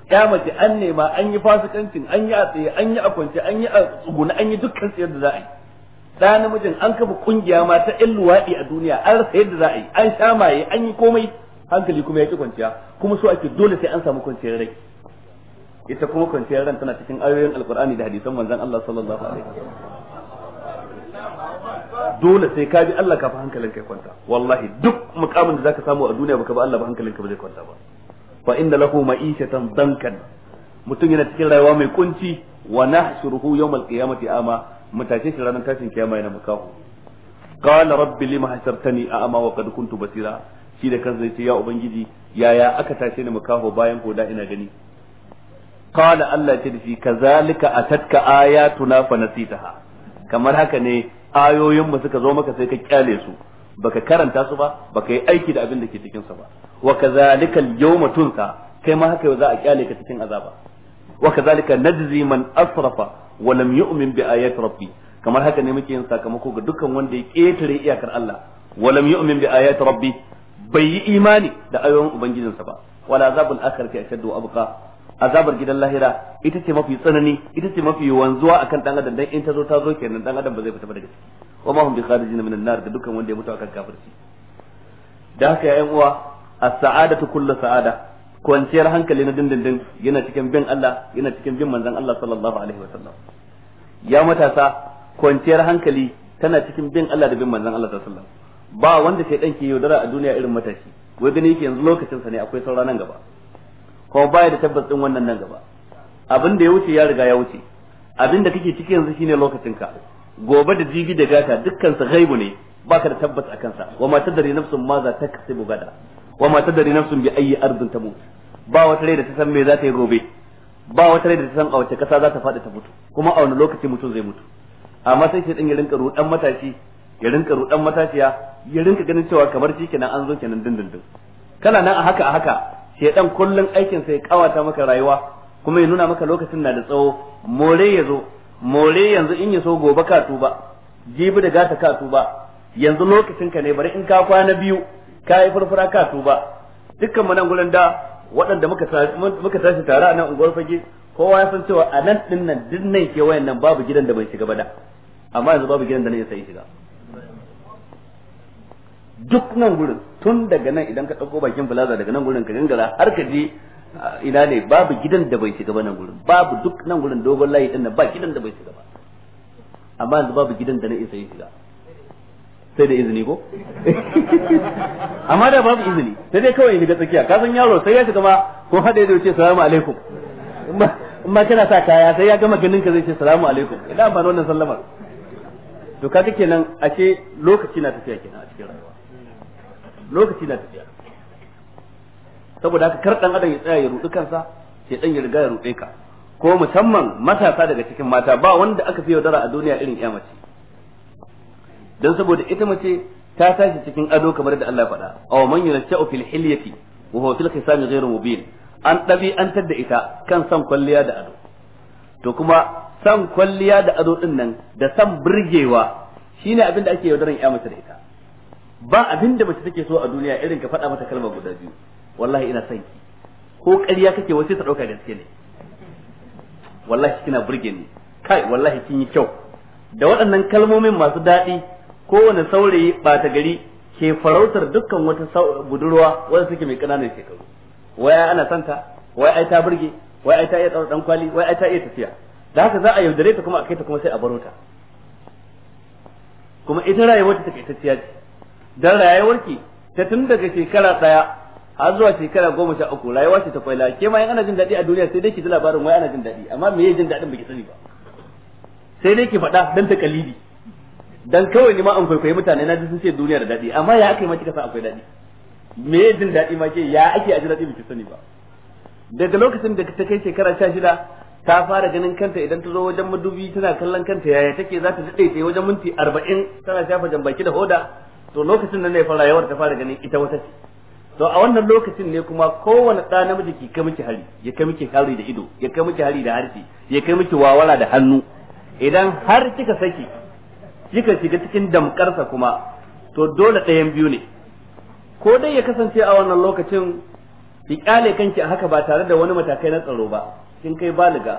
ya mace an nema an yi fasikancin an yi a tsaye an yi a kwance an yi a tsuguna an yi dukkan tsayar da za a yi da namijin an kafa kungiya ma ta illu luwaɗi a duniya an rasa yadda za a yi an sha maye an yi komai hankali kuma ya ki kwanciya kuma su ake dole sai an samu kwanciyar rai ita kuma kwanciyar ran tana cikin ayoyin alkur'ani da hadisan manzon Allah sallallahu alaihi wasallam dole sai ka bi Allah ka fa hankalin kai kwanta wallahi duk mukamin da zaka samu a duniya baka ba Allah ba hankalin ka ba zai kwanta ba fa inna lahu ma'ishatan dankan mutum yana cikin rayuwa mai kunci wa nahshuruhu yawmal qiyamati ama mutace shi ranar tashin kiyama yana makaho qala rabbi lima hasartani ama wa qad kuntu basira shi da kansa yace ya ubangiji yaya aka tashe ni makaho bayan ko da ina gani qala allah ya ce shi kazalika atatka ayatuna fa nasitaha kamar haka ne ayoyin mu suka zo maka sai ka kyale su baka karanta su ba baka yi aiki da abin da ke cikin sa ba wa kadhalika al-yawma tunsa kai ma haka za a kyale ka cikin azaba wa kadhalika najzi man asrafa wa lam yu'min bi ayati rabbi kamar haka ne muke yin sakamako ga dukkan wanda ya ketare iyakar Allah wa lam yu'min bi ayati rabbi bai yi imani da ayoyin ubangijinsa ba wala azabul akhirati ashaddu wa abqa azabar gidan lahira ita ce mafi tsanani ita ce mafi wanzuwa akan dan adam dan in ta zo ta zo kenan dan adam ba zai fita ba daga ciki wa ma hum bi kharijin min an-nar da dukkan wanda ya mutu akan kafirci da haka yayin uwa as-sa'adatu kullu sa'ada kwanciyar hankali na dindindin yana cikin bin Allah yana cikin bin manzon Allah sallallahu alaihi wasallam ya matasa kwanciyar hankali tana cikin bin Allah da bin manzon Allah sallallahu alaihi wasallam ba wanda sai dan ke yaudara a duniya irin matashi wai gani yake yanzu lokacin sa ne akwai saura nan gaba kuma baya da tabbas din wannan nan gaba abin da ya wuce ya riga ya wuce abin da kake ciki yanzu shine lokacin ka gobe da jibi da gata dukkan sa ghaibu ne baka da tabbas a kansa wa ma tadri nafsun ma za ta kasibu gada wa ma tadri nafsun bi ayi ardin tamut ba wata rai da ta san me za ta yi gobe ba wata rai da ta san a wace kasa za ta faɗi ta mutu kuma a wani lokaci mutum zai mutu amma sai shi ya rinka rudan matashi ya rinka rudan matashiya ya rinka ganin cewa kamar shi kenan an zo kenan dindindin kana nan a haka a haka shedan kullun aikin sai ya kawata maka rayuwa kuma ya nuna maka lokacin na da tsawo more ya zo more yanzu in yi so gobe ka tuba jibi da gata ka tuba yanzu lokacin ka ne bari in ka kwana biyu ka yi furfura ka tuba dukkan mu nan gurin da waɗanda muka tashi tare a nan unguwar fage kowa ya san cewa a nan din nan duk nan kewayen nan babu gidan da bai shiga ba da amma yanzu babu gidan da nan ya sai shiga duk nan gurin tun daga nan idan ka ɗauko bakin plaza daga nan gurin ka gangara har ka je ina ne babu gidan da bai shiga ba nan gurin babu duk nan gurin dogon layi din nan ba gidan da bai shiga ba amma yanzu babu gidan da na isa yin shiga sai da izini ko amma da babu izini sai dai kawai shiga tsakiya ka san yaro sai ya shiga ma ko hada da ce salamu alaikum in ma kana sa kaya sai ya gama ganin ka zai ce salamu alaikum ina amfani wannan sallamar to kaga kenan ce lokaci na tafiya kenan a cikin rayuwa lokaci na tafiya saboda haka kar dan adam ya tsaya ya rudu kansa sai dan ya riga ya rude ka ko musamman matasa daga cikin mata ba wanda aka fi yaudara a duniya irin iya mace dan saboda ita mace ta tashi cikin ado kamar da Allah ya faɗa aw man yunsha'u fil hilyati wa huwa fil khisami ghayru mubin an an da ita kan san kwalliya da ado to kuma san kwalliya da ado din nan da san burgewa shine abinda ake yaudaran iya mace da ita ba abin da mace take so a duniya irin ka faɗa mata kalmar guda biyu wallahi ina son ki ko ƙarya kake wasu ta ɗauka gaske ne wallahi kina burge ni kai wallahi kin yi kyau da waɗannan kalmomin masu daɗi kowane saurayi ɓata gari ke farautar dukkan wata budurwa wanda suke mai ƙananan shekaru waya ana santa wai ai ta burge wai ai ta iya tsaro dan kwali wai ai ta iya tafiya da haka za a yaudare ta kuma a kai ta kuma sai a baro ta kuma ita rayuwar ta takaitacciya ce dan rayuwarki ta tun daga shekara ɗaya. har zuwa shekara goma sha uku rayuwa ce ta kwaila ke ma in ana jin daɗi a duniya sai dai ki ji labarin wai ana jin daɗi amma me yayin jin daɗin baki sani ba sai dai ki faɗa dan ta kalibi dan kawai ni ma an kwaikwayi mutane na ji sun ce duniya da daɗi amma ya aka yi ma kika san akwai daɗi me yayin jin daɗi ma ke ya ake a ji daɗi baki sani ba daga lokacin da ta kai shekara sha shida ta fara ganin kanta idan ta zo wajen madubi tana kallon kanta yaya take za ta daɗe ta wajen minti arba'in tana shafa jambaki da hoda to lokacin da ne fara yawar ta fara ganin ita wata ce to a wannan lokacin ne kuma kowane ɗa namiji ke kai miki hari ya kai miki hari da ido ya kai miki hari da harshe ya kai miki wawara da hannu idan har kika saki kika shiga cikin damkarsa kuma to dole ɗayan biyu ne ko dai ya kasance a wannan lokacin ki kyale kanki a haka ba tare da wani matakai na tsaro ba kin kai baliga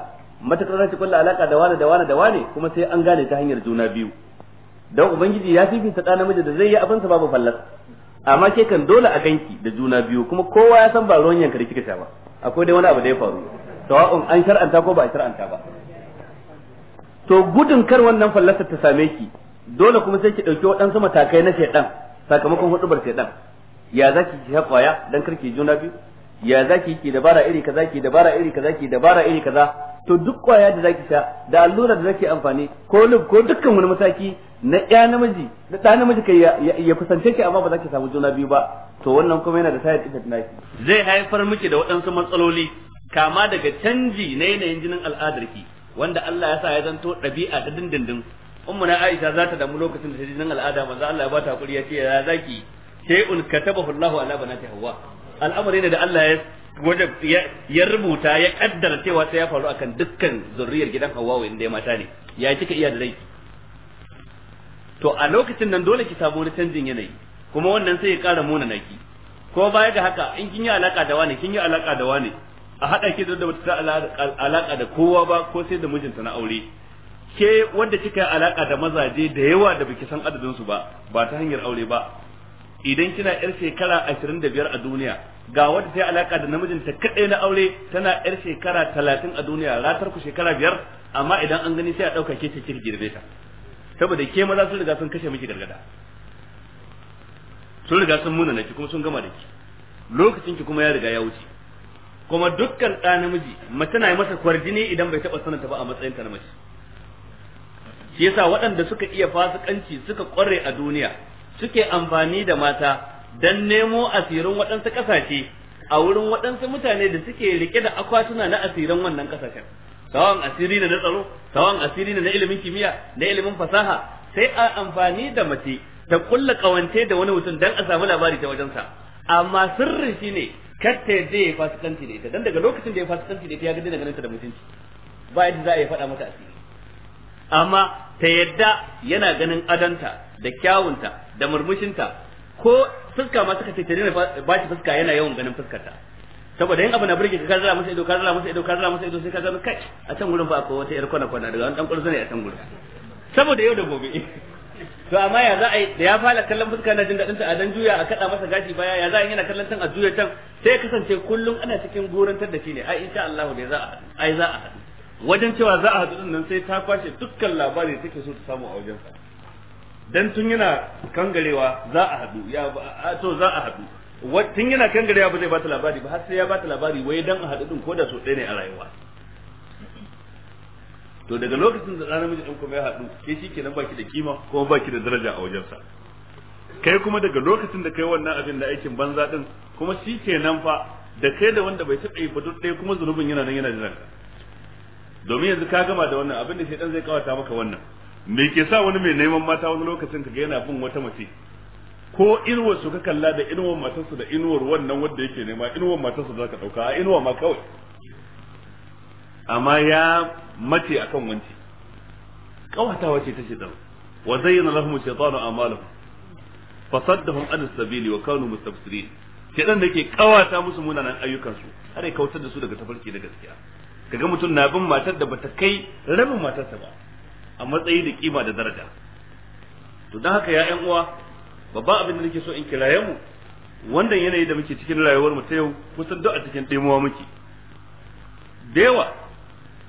matakar za ki kulla alaka da wani da wani da wani kuma sai an gane ta hanyar juna biyu dan ubangiji ya fifita ɗa namiji da zai yi abinsa babu fallas. amma ke kan dole a ganki da juna biyu kuma kowa ya san ba ruwan yanka da kika sha ba akwai dai wani abu da ya faru sawa'un an shar'anta ko ba a shar'anta ba to gudun kar wannan fallasar ta same ki dole kuma sai ki ɗauki waɗansu matakai na shaidan sakamakon hudubar shaidan ya zaki ki sha kwaya dan karki juna biyu ya zaki ki dabara iri kaza ki dabara iri kaza ki dabara iri kaza to duk kwaya da zaki sha da allura da zaki amfani ko lub ko dukkan wani mataki na ya namiji da ɗa namiji kai ya kusance ki amma ba za ki samu juna biyu ba to wannan kuma yana da da ita naki zai haifar miki da waɗansu matsaloli kama daga canji na yanayin jinin al'adarki wanda Allah ya sa ya zanto ɗabi'a ta dindindin na Aisha za ta damu lokacin da ta jinin al'ada manzo Allah ya ba ta hakuri ya ce ya zaki shay'un katabahu Allahu ala banati Hawwa al'amari ne da Allah ya ya rubuta ya kaddara cewa sai ya faru akan dukkan zurriyar gidan Hawwa inda ya mata ne ya kika iya da rai to a lokacin nan dole ki samu wani canjin yanayi kuma wannan sai ya kara muna naki ko baya ga haka in kin yi alaka da wani kin yi alaka da wani a haɗa ki da wata alaka da kowa ba ko sai da mijinta na aure ke wanda kika yi alaka da mazaje da yawa da baki san adadin su ba ba ta hanyar aure ba idan kina yar shekara 25 a duniya ga wadda ta yi alaka da namijinta kaɗai na aure tana yar shekara talatin a duniya ratar ku shekara biyar amma idan an gani sai a ɗauka ke ce kika girbe ta saboda ke maza sun riga sun kashe miki gargada sun riga sun muna ki kuma sun gama da ki lokacin ki kuma ya riga ya wuce kuma dukkan ɗa namiji mace na yi masa kwarjini idan bai taɓa sanata ba a matsayin ta na mace shi yasa waɗanda suka iya fasikanci suka ƙware a duniya suke amfani da mata dan nemo asirin waɗansu ƙasashe a wurin waɗansu mutane da suke rike da akwatuna na asirin wannan ƙasashen sawan asiri ne na tsaro sawan asiri ne na ilimin kimiyya na ilimin fasaha sai a amfani da mace ta kulla kawance da wani mutum dan a samu labari ta wajensa amma sirrin shine kar ta yadda ya fasikanci da ita dan daga lokacin da ya fasikanci da ita ya gani da ganin da mutunci ba yadda za a yi faɗa mata asiri amma ta yadda yana ganin adanta da kyawunta da murmushinta ko fuska ma suka ce ta daina ba shi fuska yana yawan ganin fuskar ta saboda yin abu na burge ka zara masa ido ka zara masa ido ka zara masa ido sai ka zama kai a can gurin ba akwai wata yar kwana kwana daga wani dan kurzo ne a can gurin saboda yau da gobe to amma ya za a yi da ya fara kallon fuska na jin daɗin ta a dan juya a kaɗa masa gashi baya ya za a yi yana kallon tan a juya tan sai ya kasance kullum ana cikin gurantar da shi ne ai insha Allah ne za a ai za a wajen cewa za a haɗu nan sai ta kwashe dukkan labarin da take so ta samu a wajensa dan tun yana kangarewa za a haɗu ya to za a haɗu tun yana kangarewa ba zai bata labari ba har sai ya bata labari wai dan a haɗu din ko da so ɗaya ne a rayuwa to daga lokacin da ɗan namiji ɗin kuma ya haɗu ke shi kenan baki da kima kuma baki da daraja a wajensa kai kuma daga lokacin da kai wannan abin da aikin banza ɗin kuma shi kenan fa da kai da wanda bai taɓa yi ba duk ɗaya kuma zunubin yana nan yana jiran domin yanzu ka gama da wannan abin da shi ɗan zai kawata maka wannan me ke sa wani mai neman mata wani lokacin kaga yana bin wata mace ko inuwar su ka kalla da inuwar matarsa da inuwar wannan wanda yake nema inuwar matarsa za ka dauka a inuwa ma kawai amma ya mace akan wanci kawatawa ce ta shidan wa zayyana lahum shaytanu a'malahum fasaddahum an as-sabili wa kanu mustabsirin shaitan da ke kawata musu munanan ayyukan su har ya kautar da su daga tafarki da gaskiya kaga mutum na bin matar da bata kai rabin matarsa ba a matsayi da kima da daraja to don haka ya yan uwa babban abin da nake so in kiraye mu wannan yanayi da muke cikin rayuwar mu ta yau kusan duk a cikin ɗimuwa muke da yawa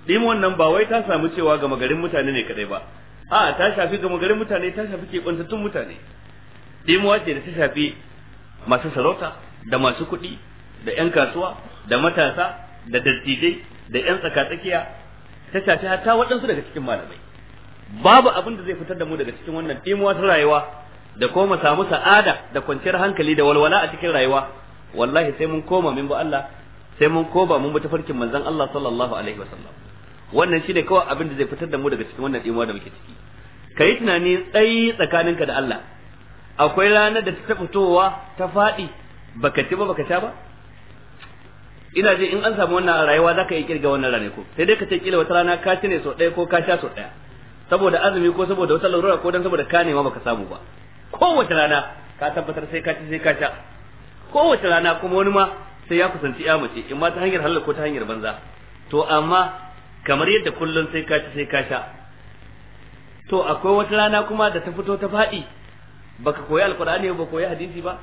ɗimuwan nan ba wai ta samu cewa gama garin mutane ne kadai ba a ta shafi gama garin mutane ta shafi ke keɓantattun mutane ɗimuwa ce da ta shafi masu sarauta da masu kuɗi da ƴan kasuwa da matasa da dattijai da 'yan tsakatsakiya ta shafi hatta waɗansu daga cikin malamai babu abin da zai fitar da mu daga cikin wannan dimuwa ta rayuwa da koma samu sa'ada da kwanciyar hankali da walwala a cikin rayuwa wallahi sai mun koma min ba Allah sai mun koba mun bi tafarkin manzon Allah sallallahu alaihi wasallam wannan shine kawai abin da zai fitar da mu daga cikin wannan dimuwa da muke ciki kai tunani tsayi tsakaninka da Allah akwai ranar da ta fitowa ta faɗi baka ci ba baka sha ba ina ji in an samu wannan rayuwa zaka iya kirga wannan rana ko sai dai ka ce kila wata rana ka ci ne so ɗaya ko ka sha so ɗaya saboda azumi ko saboda wata larura ko dan saboda kanewa baka samu ba kowace rana ka tabbatar sai ka ci sai ka sha kowace rana kuma wani ma sai ya kusanci ya mace in ma ta hanyar halal ko ta hanyar banza to amma kamar yadda kullun sai ka ci sai ka sha to akwai wata rana kuma da ta fito ta faɗi baka koyi alkur'ani ba koyi hadisi ba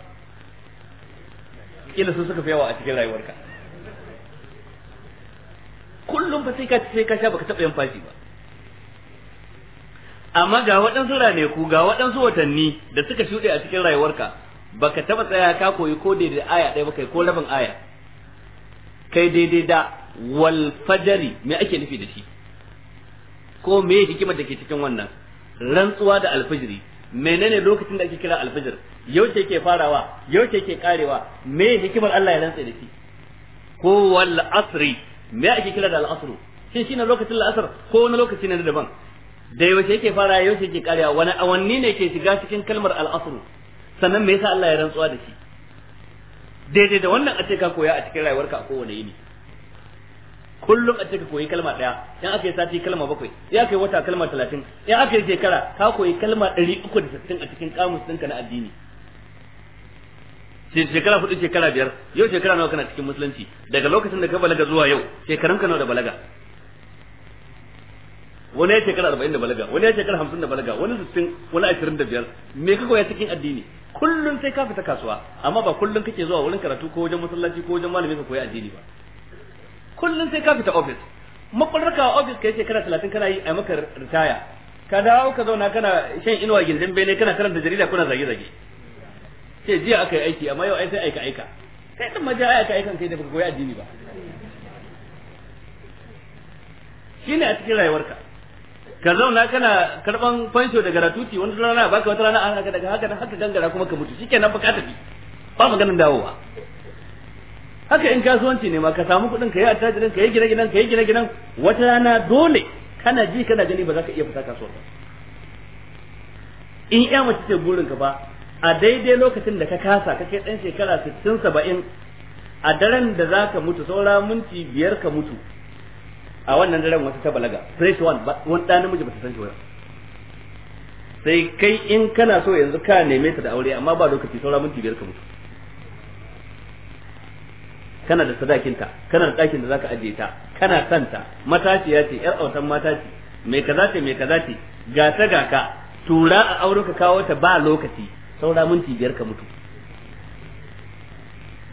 kila su suka fi yawa a cikin rayuwarka kullum fa sai ka ci sai ka sha baka taɓa yin fashi ba amma ga waɗansu raneku ga waɗansu watanni da suka shuɗe a cikin rayuwarka baka taɓa tsaya ka koyi ko daidai aya ɗaya ba kai ko rabin aya kai daidai da wal fajari me ake nufi da shi ko me hikimar da ke cikin wannan rantsuwa da alfajiri menene lokacin da ake kira alfajir yaushe ke farawa yaushe ke karewa me hikimar Allah ya rantsa da shi ko wal asri me ake kira da al Shin shin shine lokacin al asr ko wani lokaci ne daban da yaushe yake fara yaushe yake karya wani awanni ne ke shiga cikin kalmar al'asr sannan me yasa Allah ya rantsuwa da shi daidai da wannan a ce ka koya a cikin rayuwarka a kowane yini kullum a ce ka koyi kalma daya in aka yi sati kalma bakwai in aka yi wata kalma talatin in aka yi shekara ka koyi kalma ɗari uku da sittin a cikin kamus ɗinka na addini shekara hudu shekara biyar yau shekara nawa kana cikin musulunci daga lokacin da ka balaga zuwa yau ka nawa da balaga wani ya shekara arba'in da balaga wani ya shekara hamsin da balaga wani sittin wani ashirin da biyar me ka koya cikin addini kullum sai ka fita kasuwa amma ba kullum kake zuwa wurin karatu ko wajen masallaci ko wajen malami ka koya addini ba kullum sai ka fita office makwarraka ka office kai shekara talatin kana yi a maka ritaya ka dawo ka zauna kana shan inuwa gindin bene kana karanta jarida kuna zage-zage sai jiya aka yi aiki amma yau ai sai aika aika kai din maja aika aikan kai da baka koyi addini ba shine a cikin rayuwarka ka zauna kana karban fansho daga ratuti wani rana baka wata rana haka daga haka haka gangara kuma ka mutu shikenan fa ka tafi ba maganin dawowa haka in kasuwanci ne ma ka samu kuɗin ka yi attajirin ka yi gine ginen ka yi gine ginen wata rana dole kana ji kana gani ba za ka iya fita kasuwar ba in ya mace ce burin ka ba a daidai lokacin da ka kasa ka kai dan shekara 60 70 a daren da za ka mutu saura minti biyar ka mutu a wannan daren wata ta balaga fresh one wani ɗan namiji ba ta san shi ba sai kai in kana so yanzu ka neme ta da aure amma ba lokaci saura minti biyar ka mutu kana da sadakinta kana da ɗakin da zaka ajiye ta kana santa matashiya ce yar autan mata mai kaza ce mai kaza ce ga ta ga ka tura a aure ka kawo ta ba lokaci saura minti biyar ka mutu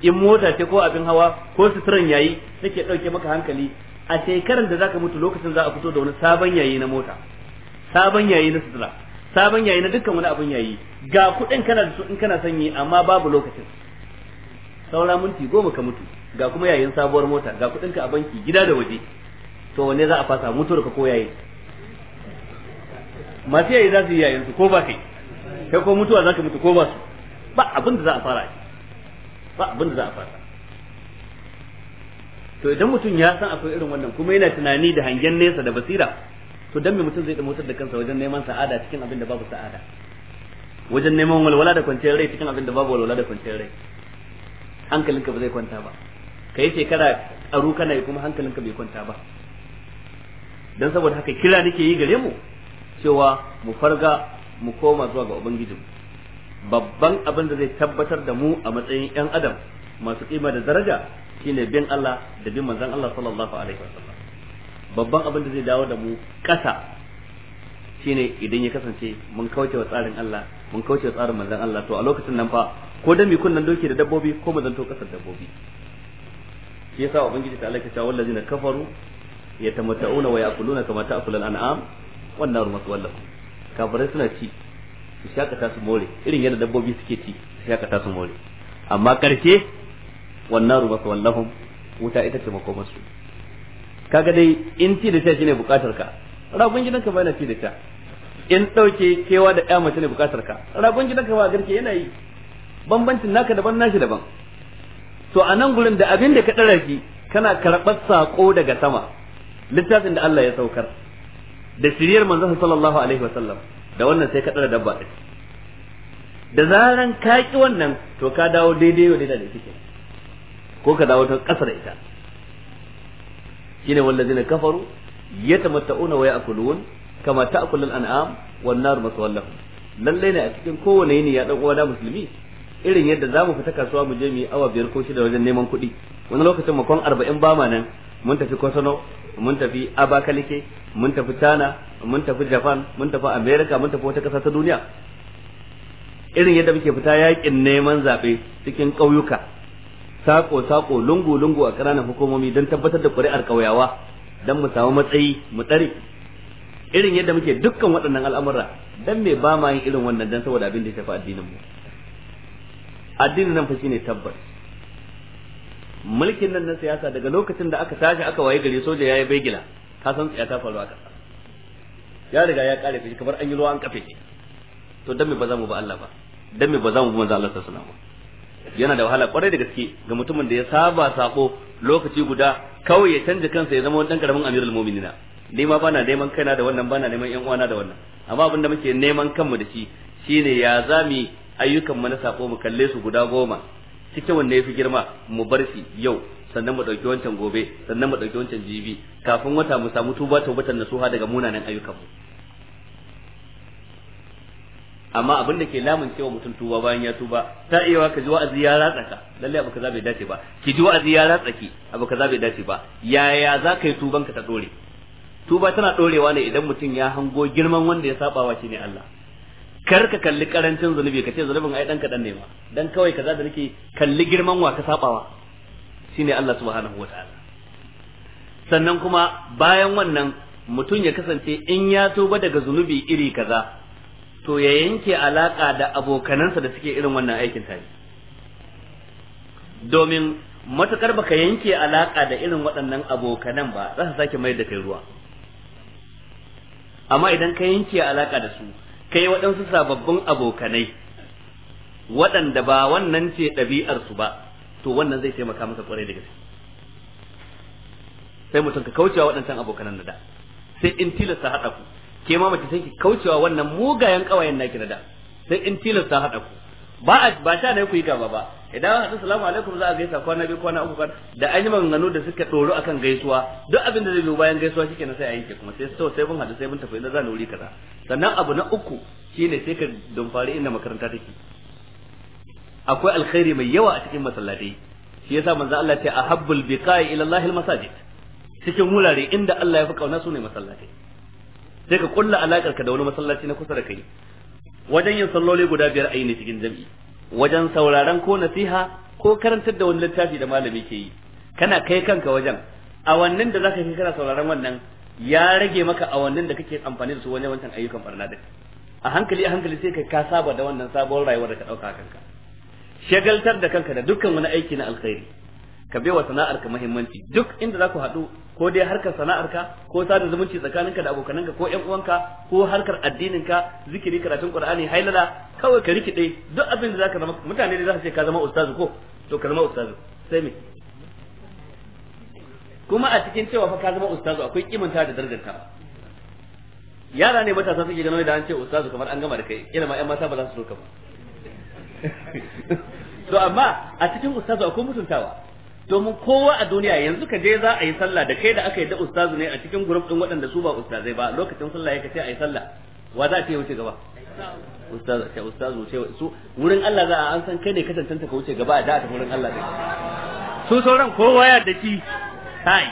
in mota ce ko abin hawa ko suturan yayi take ɗauke maka hankali a shekarar da zaka mutu lokacin za a fito da wani sabon yayi na mota sabon yayi na sutura sabon yayi na dukkan wani abun yayi ga kuɗin kana da su in kana son yi amma babu lokacin saura minti goma ka mutu ga kuma yayin sabuwar mota ga kuɗin ka a banki gida da waje to wanne za a fasa mutuwar ka ko yayi masu yayi za su yi yayin su ko ba kai kai ko mutuwa za ka mutu ko ba su ba abin da za a fara ba abin da za a fara to idan mutum ya san akwai irin wannan kuma yana tunani da hangen nesa da basira to dan me mutum zai mutar da kansa wajen neman sa'ada cikin abin da babu sa'ada wajen neman walwala da kwanciyar rai cikin abin da babu walwala da kwanciyar rai hankalinka ba zai kwanta ba kai shekara aro kana yi kuma hankalinka bai kwanta ba dan saboda haka kira nake yi gare mu cewa mu farga mu koma zuwa ga ubangiji babban abin da zai tabbatar da mu a matsayin yan adam masu kima da daraja shine bin Allah da bin manzon Allah sallallahu alaihi wasallam babban abin da zai dawo da mu kasa shine idan ya kasance mun kauce wa tsarin Allah mun kauce wa tsarin manzon Allah to a lokacin nan fa ko da mi kunnan doki da dabbobi ko mu zanto kasar dabbobi shi yasa ubangiji ta alaka ya ce wallazina kafaru yatamatta'una wa yaquluna kama ta'kulul an'am wan nar maswallah kafirai suna ci su shakata su more irin yadda dabbobi suke ci su shakata su more amma karshe Wannan ruba ka masawallahum wuta ita ce makomarsu kaga dai in ci da sha shine bukatar ka ragon gidanka ba yana ci da sha in dauke kewa da ƴa mace ne bukatar ka ragon gidanka ba garke yana yi bambancin naka daban nashi daban to a nan gurin da abin da ka dara shi kana karɓar sako daga sama littafin da Allah ya saukar da shiriyar manzon sallallahu alaihi wasallam da wannan sai ka dara dabba da zaran ka ki wannan to ka dawo daidai wa daidai da kike ko ka dawo ta kasar ita shine wallazina kafaru yatamatta'una wa ya'kulun kama ta'kulul an'am wan nar wallafa. lalle ne a cikin kowane yini ya dan da musulmi irin yadda zamu fita kasuwa mu je mu yi awa biyar ko shida wajen neman kuɗi wani lokacin makon arba'in ba nan mun tafi kosono mun tafi abakalike mun tafi tana mun tafi japan mun tafi america mun tafi wata ƙasa ta duniya irin yadda muke fita yakin neman zaɓe cikin ƙauyuka sako sako lungu lungu a ƙananan hukumomi don tabbatar da ƙuri'ar ƙauyawa don mu samu matsayi mu tsare irin yadda muke dukkan waɗannan al'amura dan me ba ma yin irin wannan dan saboda abin da ya shafi addinin mu addinin nan fa shine tabbas mulkin nan na siyasa daga lokacin da aka tashi aka waye gari soja yayi begila ka san tsaya ta faruwa aka ya riga ya kare shi kamar an yi ruwa an kafe to dan me ba za mu ba Allah ba dan me ba za mu bi manzo Allah sallallahu alaihi wasallam yana da wahala kwarai da gaske ga mutumin da ya saba sako lokaci guda kawai ya canja kansa ya zama wani dan karamin amirul mu'minina ni ma bana neman kaina da wannan bana neman yan uwana da wannan amma abin da muke neman kanmu da shi shine ya zami ayyukan mu na sako mu kalle su guda goma cikin ya yafi girma mu bar shi yau sannan mu dauki wancan gobe sannan mu dauki wancan jibi kafin wata mu samu tuba tubatan nasuha daga munanan ayyukan mu amma abin da ke lamun cewa mutum tuba bayan ya tuba ta iya ka ji wa'azi ya ratsa ka lalle abu kaza bai dace ba ki ji wa'azi ya ratsa ki abu kaza bai dace ba yaya za ka yi tuban ka ta dore tuba tana dorewa ne idan mutum ya hango girman wanda ya wa shi ne Allah kar ka kalli karancin zunubi ka ce zunubin ai dan kadan ne ma dan kawai kaza da nake kalli girman wa ka shi shine Allah subhanahu wataala sannan kuma bayan wannan mutum ya kasance in ya tuba daga zunubi iri kaza to ya yanke alaka da abokanansa da suke irin wannan aikin tare domin matukar baka yanke alaka da irin waɗannan abokanan ba za su sake mai da kai ruwa amma idan ka yanke alaka da su kai waɗansu sababbin abokanai waɗanda ba wannan ce ɗabi'arsu ba to wannan zai taimaka masa ƙwarai da gaske sai mutum ka kaucewa waɗancan abokanan da sai in tilasta haɗa ku ke ma mace sai ki kaucewa wannan mugayen kawayen naki na da sai in tilasta hada ku ba a ba ta da ku yi gaba ba idan hadu assalamu alaikum za a gaisa kwana biyu kwana uku kan da an yi maganganu da suka doro akan gaisuwa duk abin da zai biyo bayan gaisuwa shike na sai a yanke kuma sai so sai mun hadu sai mun tafi na zan wuri kaza sannan abu na uku shine sai ka dumfari inda makaranta take akwai alkhairi mai yawa a cikin masallatai shi yasa manzo Allah ya ce ahabbul biqa'i ila Allahil masajid cikin wurare inda Allah ya fi kauna su ne masallatai sai ka kulla alakar ka da wani masallaci na kusa da kai wajen yin salloli guda biyar a yi cikin jam'i wajen sauraron ko nasiha ko karantar da wani littafi da malami ke yi kana kai kanka wajen awannin da zaka kai kana sauraron wannan ya rage maka awannin da kake amfani da su wajen wancan ayyukan barna da a hankali a hankali sai ka ka saba da wannan sabon rayuwar da ka dauka kanka shagaltar da kanka da dukkan wani aiki na alkhairi ka bai wa sana'ar ka muhimmanci duk inda za ku haɗu ko dai harkar sana'arka ko sada zumunci tsakaninka da abokananka ko ƴan uwanka ko harkar addininka zikiri karatun qur'ani hailala kawai ka rikide duk abin da zaka zama mutane da za su ce ka zama ustazu ko to ka zama ustazu sai me kuma a cikin cewa fa ka zama ustazu akwai kimanta da darganta yara ne matasa suke ganin da an ce ustazu kamar an gama da kai ina ma ƴan mata ba za su so ka ba to amma a cikin ustazu akwai mutuntawa domin kowa a duniya yanzu ka je za a yi sallah da kai da aka yi da ustazu ne a cikin grup din waɗanda su ba ustazai ba lokacin sallah ya kace a yi sallah wa za ta yi wuce gaba ustazu ce ustazu ce su wurin Allah za a an san kai ne ka tantanta ka wuce gaba a da ta wurin Allah din su sauran kowa ya daki kai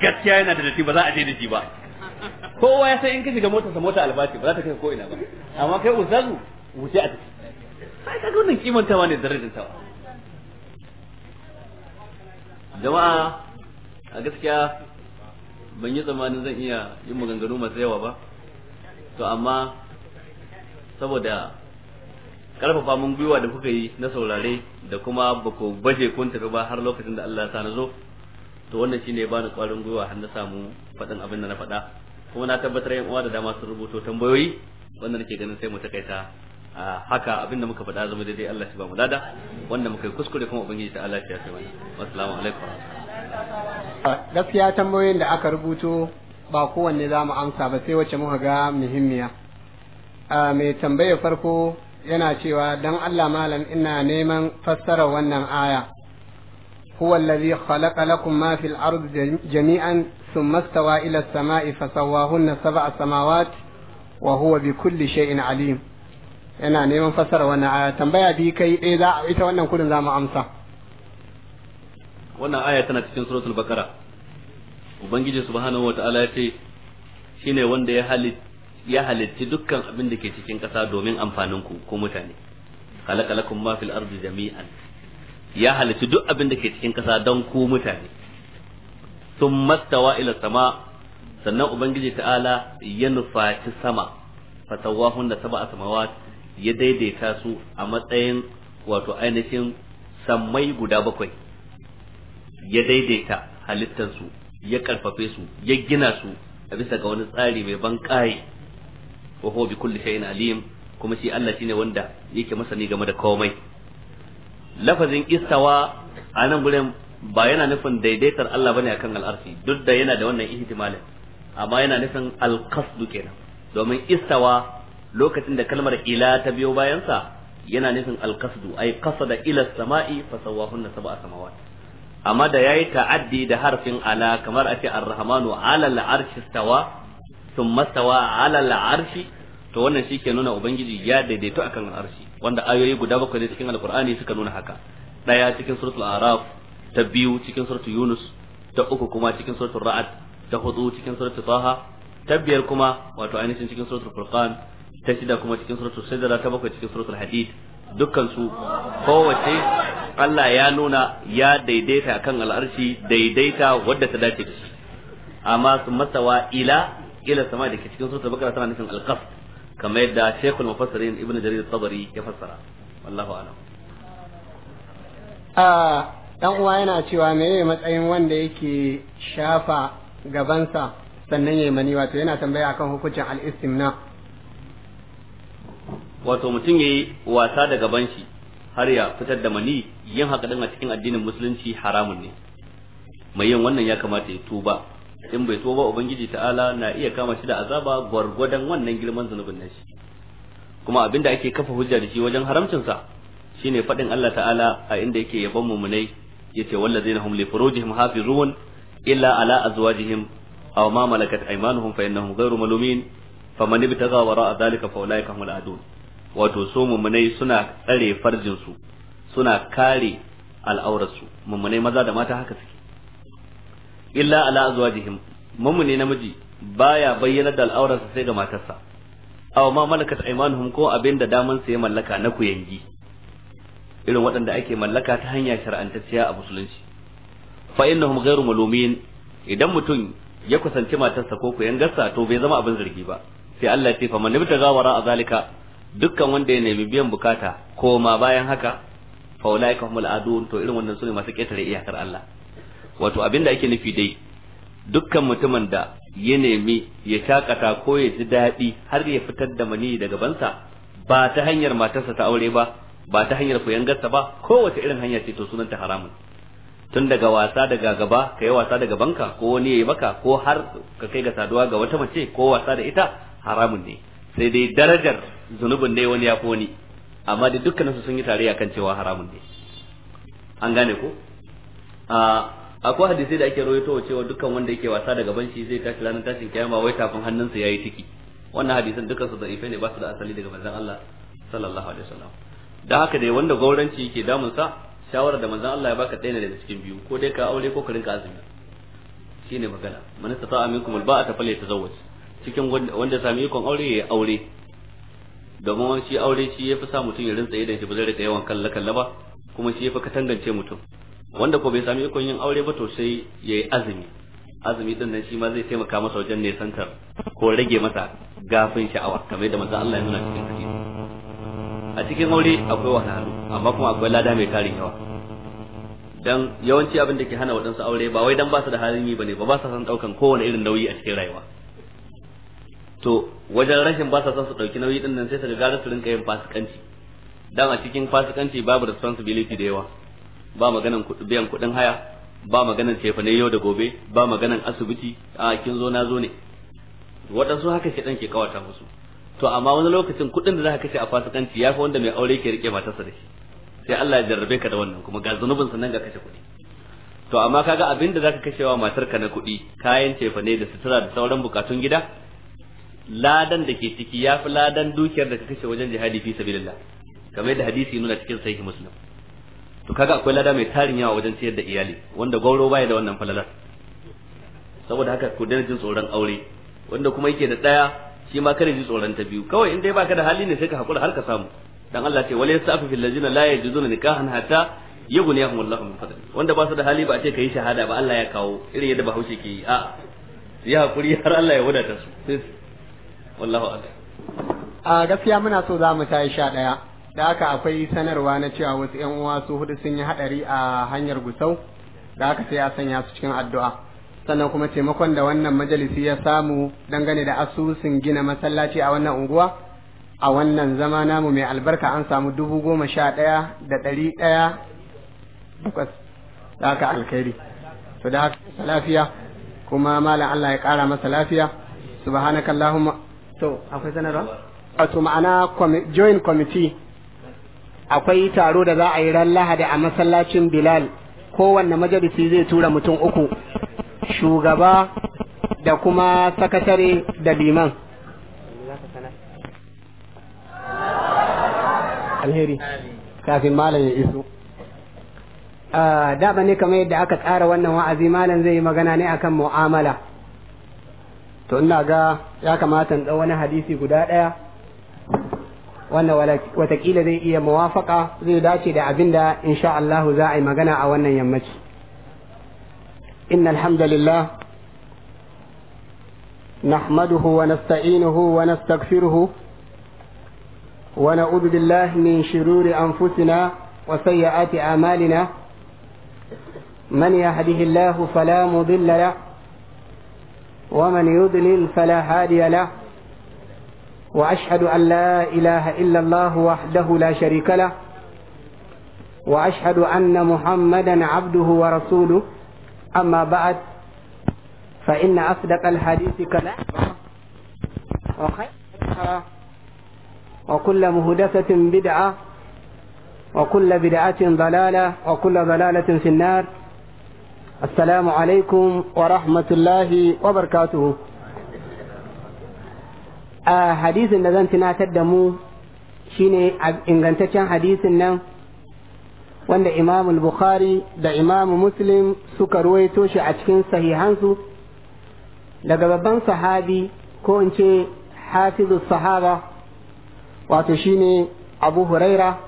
gaskiya yana da dati ba za a je da shi ba kowa ya san in ka ga motar sa mota albashi ba za ta kai ko ina ba amma kai ustazu wuce a ciki sai ga wannan kimantawa ne tawa. jama'a a gaskiya ban yi tsammanin zan iya yin maganganu masu yawa ba to amma saboda karfafa mun gwiwa da kuka yi na saurare da kuma ba ku baje kun tafi ba har lokacin da Allah ya na zo to wannan shine ya bani kwarin gwiwa har na samu faɗin abin da na faɗa kuma na tabbatar yan uwa da dama sun rubuto tambayoyi wanda nake ganin sai mu takaita Ah, haka abinda muka faɗa zama daidai Allah shi ba mu lada wanda muka yi kuskure kuma ubangiji ta Allah ya kai wani assalamu alaikum ah, gaskiya tambayoyin da aka rubuto ba kowanne za mu amsa ba sai wacce muka ga muhimmiya ah, mai tambayar farko yana cewa dan Allah malam ina neman fassarar wannan aya هو الذي خلق لكم ما في الأرض جميعا ثم استوى إلى السماء فسواهن سبع سماوات وهو بكل شيء عليم yana neman fassara wannan aya tambaya bi kai ɗaya eh, za a ita wannan kudin za mu amsa wannan aya tana cikin suratul bakara ubangiji subhanahu wataala ya ce shine wanda ya halitta ya halitti dukkan abin da ke cikin ƙasa domin amfanin ku ko mutane khalaqalakum ma fil ardi jami'an ya halitti duk abin da ke cikin ƙasa don ku mutane thumma stawa ila sama sannan ubangiji ta'ala ya nufaci sama fatawahunna sab'a samawat ya daidaita su a matsayin wato ainihin sammai guda bakwai ya daidaita halittarsu ya karfafe su ya gina su a bisa ga wani tsari mai ban kai wa huwa bi kulli shay'in alim kuma shi Allah shine wanda yake masani game da komai lafazin istawa a nan gurin ba yana nufin daidaitar Allah bane akan al'arfi duk da yana da wannan ihtimalin amma yana nufin al qasd kenan domin istawa lokacin da kalmar ila ta biyo bayansa yana nufin alkasdu ay qasada ila samai fasawahunna sab'a samawat amma da yayi ta'addi da harfin ala kamar a ce ar-rahmanu ala al-arshi stawa thumma stawa ala to wannan shi ke nuna ubangiji ya daidaito akan arshi wanda ayoyi guda bakwai ne cikin alqur'ani suka nuna haka daya cikin suratul araf ta biyu cikin suratul yunus ta uku kuma cikin suratul ra'ad ta hudu cikin suratul taha ta biyar kuma wato ainihin cikin suratul furqan ta shida kuma cikin suratul sajda ta bakwai cikin suratul hadid dukkan su kowace Allah ya nuna ya daidaita kan al'arshi daidaita wadda ta dace da shi amma su masawa ila ila sama da ke cikin suratul bakara tana nufin alqaf kamar yadda shaykhul mufassirin ibnu jarir tabari ya fassara wallahu a'lam a dan uwa yana cewa me meye matsayin wanda yake shafa gabansa sannan yayi mani wato yana tambaya akan hukuncin al-istimna wato mutum ya yi wasa da gaban shi har ya fitar da mani yin haka din a cikin addinin musulunci haramun ne mai yin wannan ya kamata ya tuba in bai tuba ubangiji ta'ala na iya kama shi da azaba gwargwadon wannan girman na shi. kuma abinda ake kafa hujja da shi wajen haramcin sa shine faɗin Allah ta'ala a inda yake yaban mumunai yace wallazina hum li furujihim hafizun illa ala azwajihim aw ma malakat aymanuhum fa innahum ghayru malumin faman ibtagha zalika, dhalika fa ulaika humul wato so mummunai suna tsare farjinsu suna kare al'aurarsu mummunai maza da mata haka suke illa ala azwajihim mummune namiji baya bayyana da al'aurarsa sai ga matarsa aw ma malakat aymanuhum ko abinda daman su ya mallaka na kuyangi irin waɗanda ake mallaka ta hanya shar'antacciya a musulunci fa innahum ghairu malumin idan mutum ya kusanci matarsa ko kuyangarsa to bai zama abin zargi ba sai Allah ya ce fa man ibtaga wara zalika dukkan wanda ya nemi biyan bukata koma bayan haka fa ulaika humul adun to irin wannan sune masu ketare iyakar Allah wato abinda ake nufi dai dukkan mutumin da ya nemi ya takata ko ya ji daɗi har ya fitar da mani daga bansa ba ta hanyar matarsa ta aure ba ba ta hanyar gasta ba ko kowace irin hanya ce to sunanta haramun tun daga wasa daga gaba ka yi wasa daga banka ko wani ya yi baka ko har ka kai ga saduwa ga wata mace ko wasa da ita haramun ne sai dai darajar zunubin ne wani ya foni amma da dukkanin su sun yi tarayya kan cewa haramun ne an gane ko a akwai hadisi da ake rawaito cewa dukkan wanda yake wasa da gaban shi zai tashi ranar tashin kiyama wai tafin hannunsa yayi tiki wannan hadisin dukkan su da'ife ne ba su da asali daga manzon Allah sallallahu alaihi wasallam dan haka dai wanda gauranci yake damun sa shawara da manzon Allah ya baka ɗaya ne daga cikin biyu ko dai ka aure ko ka rinka azumi shine magana man istata'a minkum alba'ata falyatazawwaj cikin wanda sami ikon aure ya aure domin wani shi aure shi ya fi sa mutum ya rinsa idan shi ba zai rika yawan kalla kalla ba kuma shi ya fi katangance mutum wanda ko bai sami ikon yin aure ba to sai yi azumi azumi din nan shi ma zai taimaka masa wajen nesantar ko rage masa gafin sha'awa kamar yadda manzo Allah ya nuna cikin hadisi a cikin aure akwai wahalhalu amma kuma akwai lada mai tarin yawa dan yawanci abin da ke hana waɗansu aure ba wai dan ba su da halin yi ne ba ba sa san ɗaukan kowane irin nauyi a cikin rayuwa to wajen rashin ba sa son su dauki nauyi din nan sai su ga gara su rinka yin fasikanci dan a cikin fasikanci babu responsibility da yawa ba maganan biyan kuɗin haya ba maganan cefane yau da gobe ba maganan asibiti a kin zo na zo ne waɗansu haka shi ke kawata musu to amma wani lokacin kuɗin da za ka kashe a fasikanci ya fi wanda mai aure ke rike matarsa da shi sai Allah ya jarrabe ka da wannan kuma ga zanubin sannan ga kashe kuɗi to amma kaga abin da zaka kashewa matarka na kuɗi kayan cefane da sutura da sauran bukatun gida ladan da ke ciki ya fi ladan dukiyar da ka kashe wajen jihadi fi sabilillah kamar yadda hadisi nuna cikin sahih muslim to kaga akwai lada mai tarin yawa wajen ciyar da iyali wanda gauro baya da wannan falala saboda haka ku daina jin tsoron aure wanda kuma yake da daya shi ma kada ji tsoron ta biyu kawai in dai baka da hali ne sai ka hakura har ka samu dan Allah ce wala yasafu fil ladina la yajiduna nikahan hatta yughniyahum Allahu min fadli wanda ba su da hali ba a ce kai shahada ba Allah ya kawo irin yadda bahaushe ke yi a ya hakuri har Allah ya wadata su wallahu a gaskiya muna so za mu tayi sha ɗaya da haka akwai sanarwa na cewa wasu yan uwa su hudu sun yi haɗari a hanyar gusau da haka sai a sanya su cikin addu'a sannan kuma taimakon da wannan majalisi ya samu dangane da asusun gina masallaci a wannan unguwa a wannan zama namu mai albarka an samu dubu goma sha ɗaya da ɗari ɗaya takwas da haka alkhairi to da haka lafiya kuma malam Allah ya ƙara masa lafiya subhanakallahumma to akwai sanarwa wato ma'ana joint committee akwai taro da za a yi ran lahadi a masallacin bilal kowanne majalisi zai tura mutum uku shugaba da kuma sakatare da liman alheri kafin malam ya iso ba ah, ne kamar yadda aka tsara wannan wa'azi malam zai yi magana ne akan mu'amala to ina ga ya kamata in wani hadisi guda ɗaya wannan watakila zai iya mawafaka zai dace da abin da insha Allah za a yi magana a wannan yammaci inna alhamdulillah نحمده ونستعينه ونستغفره ونعوذ بالله من شرور أنفسنا وسيئات أعمالنا من يهده الله فلا مضل له ومن يضلل فلا هادي له وأشهد أن لا إله إلا الله وحده لا شريك له وأشهد أن محمدا عبده ورسوله أما بعد فإن أصدق الحديث كلام وخير وكل مهدثة بدعة وكل بدعة ضلالة وكل ضلالة في النار السلام alaikum wa الله وبركاته a hadisin da zan tunatar da mu shine ingantaccen hadisin nan wanda imamul bukhari da imam muslim suka ruwaito shi a cikin sahihansu daga babban sahabi ko in ce hafizu sahaba wato shine abu huraira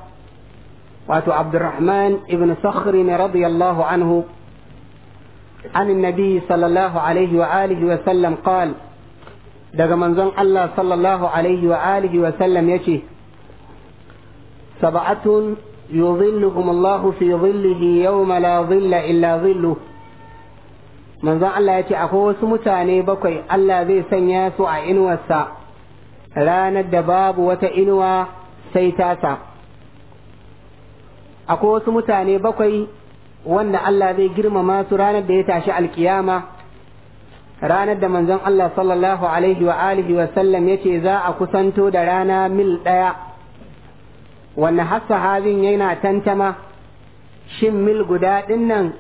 wato abdurrahman ibn sakhri ne radiyallahu anhu عن النبي صلى الله عليه وآله وسلم قال daga manzon Allah sallallahu alaihi wa alihi wa sallam yace sab'atun yudhilluhum Allah fi dhillihi yawma la dhilla illa dhilluh manzon Allah yace akwai wasu mutane bakwai Allah zai sanya su a inuwarsa ranar da babu wata inuwa sai akwai wasu mutane bakwai wanda Allah zai girmama su ranar da ya tashi alkiyama ranar da manzon Allah sallallahu alaihi wa alihi wa sallam yace za a kusanto da rana mil daya wanda hassa hazin yana tantama shin mil guda dinnan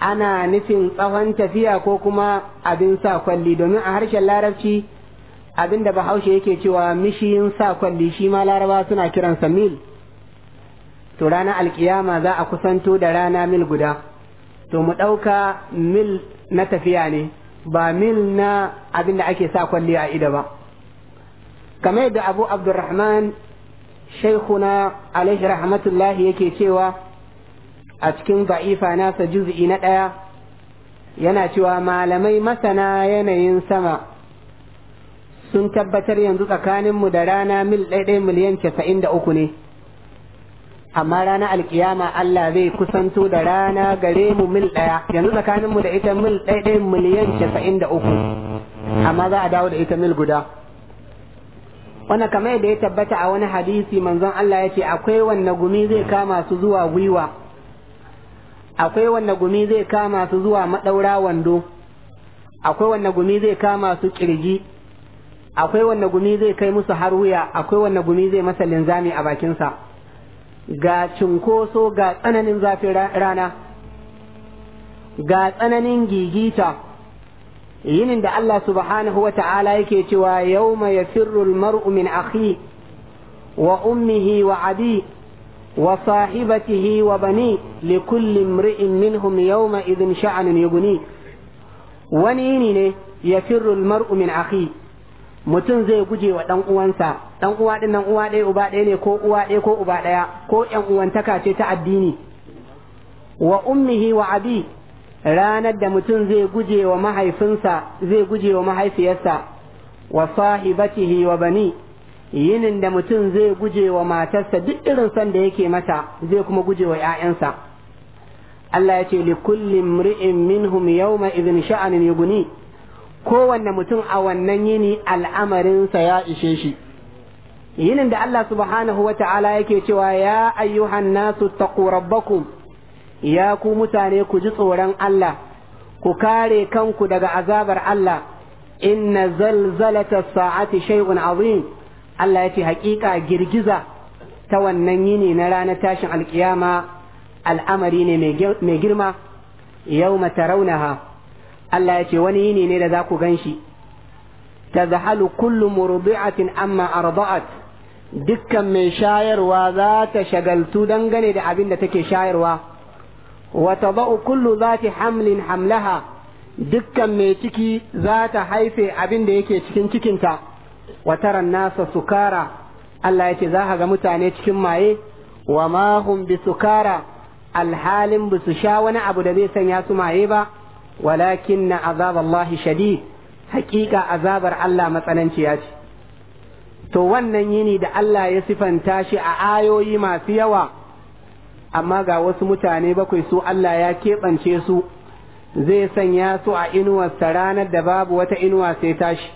ana nufin tsawon tafiya ko kuma abin sa kwalli domin a harshen larabci abin da bahaushe yake cewa mishiyin sa kwalli shi ma laraba suna kiransa mil to rana alkiyama za a kusanto da rana mil guda to mu ɗauka mil na tafiya ne ba mil na abin da ake sa kwalli a ida ba kamar da abu abdurrahman shaikhuna alaihi rahmatullahi yake cewa a cikin ba'ifa nasa juz'i na ɗaya yana cewa malamai masana yanayin sama sun tabbatar yanzu tsakaninmu da rana mil ɗaiɗai miliyan casa'in da uku ne amma rana alkiyama Allah zai kusanto da rana gare mu mil ɗaya yanzu tsakaninmu da ita mil ɗaya miliyan casa'in da uku amma za a dawo da ita mil guda wannan kamar yadda ya tabbata a wani hadisi manzon Allah ya ce akwai wanne gumi zai kama su zuwa gwiwa akwai wanne gumi zai kama su zuwa maɗaura wando akwai wanne gumi zai kama su kirji akwai wanne gumi zai kai musu har wuya akwai wanne gumi zai masa linzami a bakinsa ga cinkoso ga tsananin zafin rana ga tsananin gigita yinin da Allah subhanahu wa ta'ala yake cewa Yau yafirru al-mar'u min akhi wa ummihi wa abi wa sahibatihi wa bani li kulli imri'in minhum yawma izin sha'anun yughni wani yini ne yafirru al-mar'u min akhi mutum zai guje wa dan uwansa dan uwa din nan uwa ɗaya uba ɗaya ne ko uwa ɗaya ko uba ɗaya ko ƴan uwantaka ce ta addini wa ummihi wa abi ranar da mutum zai guje wa mahaifinsa zai guje wa mahaifiyarsa wa sahibatihi wa bani yinin da mutum zai guje wa matarsa duk irin sanda da yake mata zai kuma guje wa ‘ya'yansa Allah ya ce li kulli mri'in minhum yawma idhin sha'anin yuguni kowanne mutum a wannan yini al'amarinsa ya ishe shi yinin da Allah subhanahu wa ta'ala yake cewa ya ayyuhan nasu taqu ya ku mutane ku ji tsoron Allah ku kare kanku daga azabar Allah inna zalzalata sa'ati shay'un azim Allah ce hakika girgiza ta wannan yini na ranar tashin alkiyama al'amari ne mai girma yawma raunaha Allah ce wani yini ne da za ku ganshi zahalu kullum مرضعة amma أرضعت dukkan mai shayarwa za ta shagaltu dangane da abin da take shayarwa wata ba'u kullu zati hamlin hamlaha dukkan mai ciki za ta haife abin da yake cikin cikinta wa taran nasa sukara Allah ce za ga mutane cikin maye wa ma bi sukara alhalin ba su sha wani abu da zai sanya su maye ba walakin na azab Allah shadid hakika azabar Allah matsananciya ce to wannan yini da Allah ya sifanta shi a ayoyi masu yawa amma ga wasu mutane bakwai su Allah ya keɓance su zai sanya su a inuwarsa ranar da babu wata inuwa sai tashi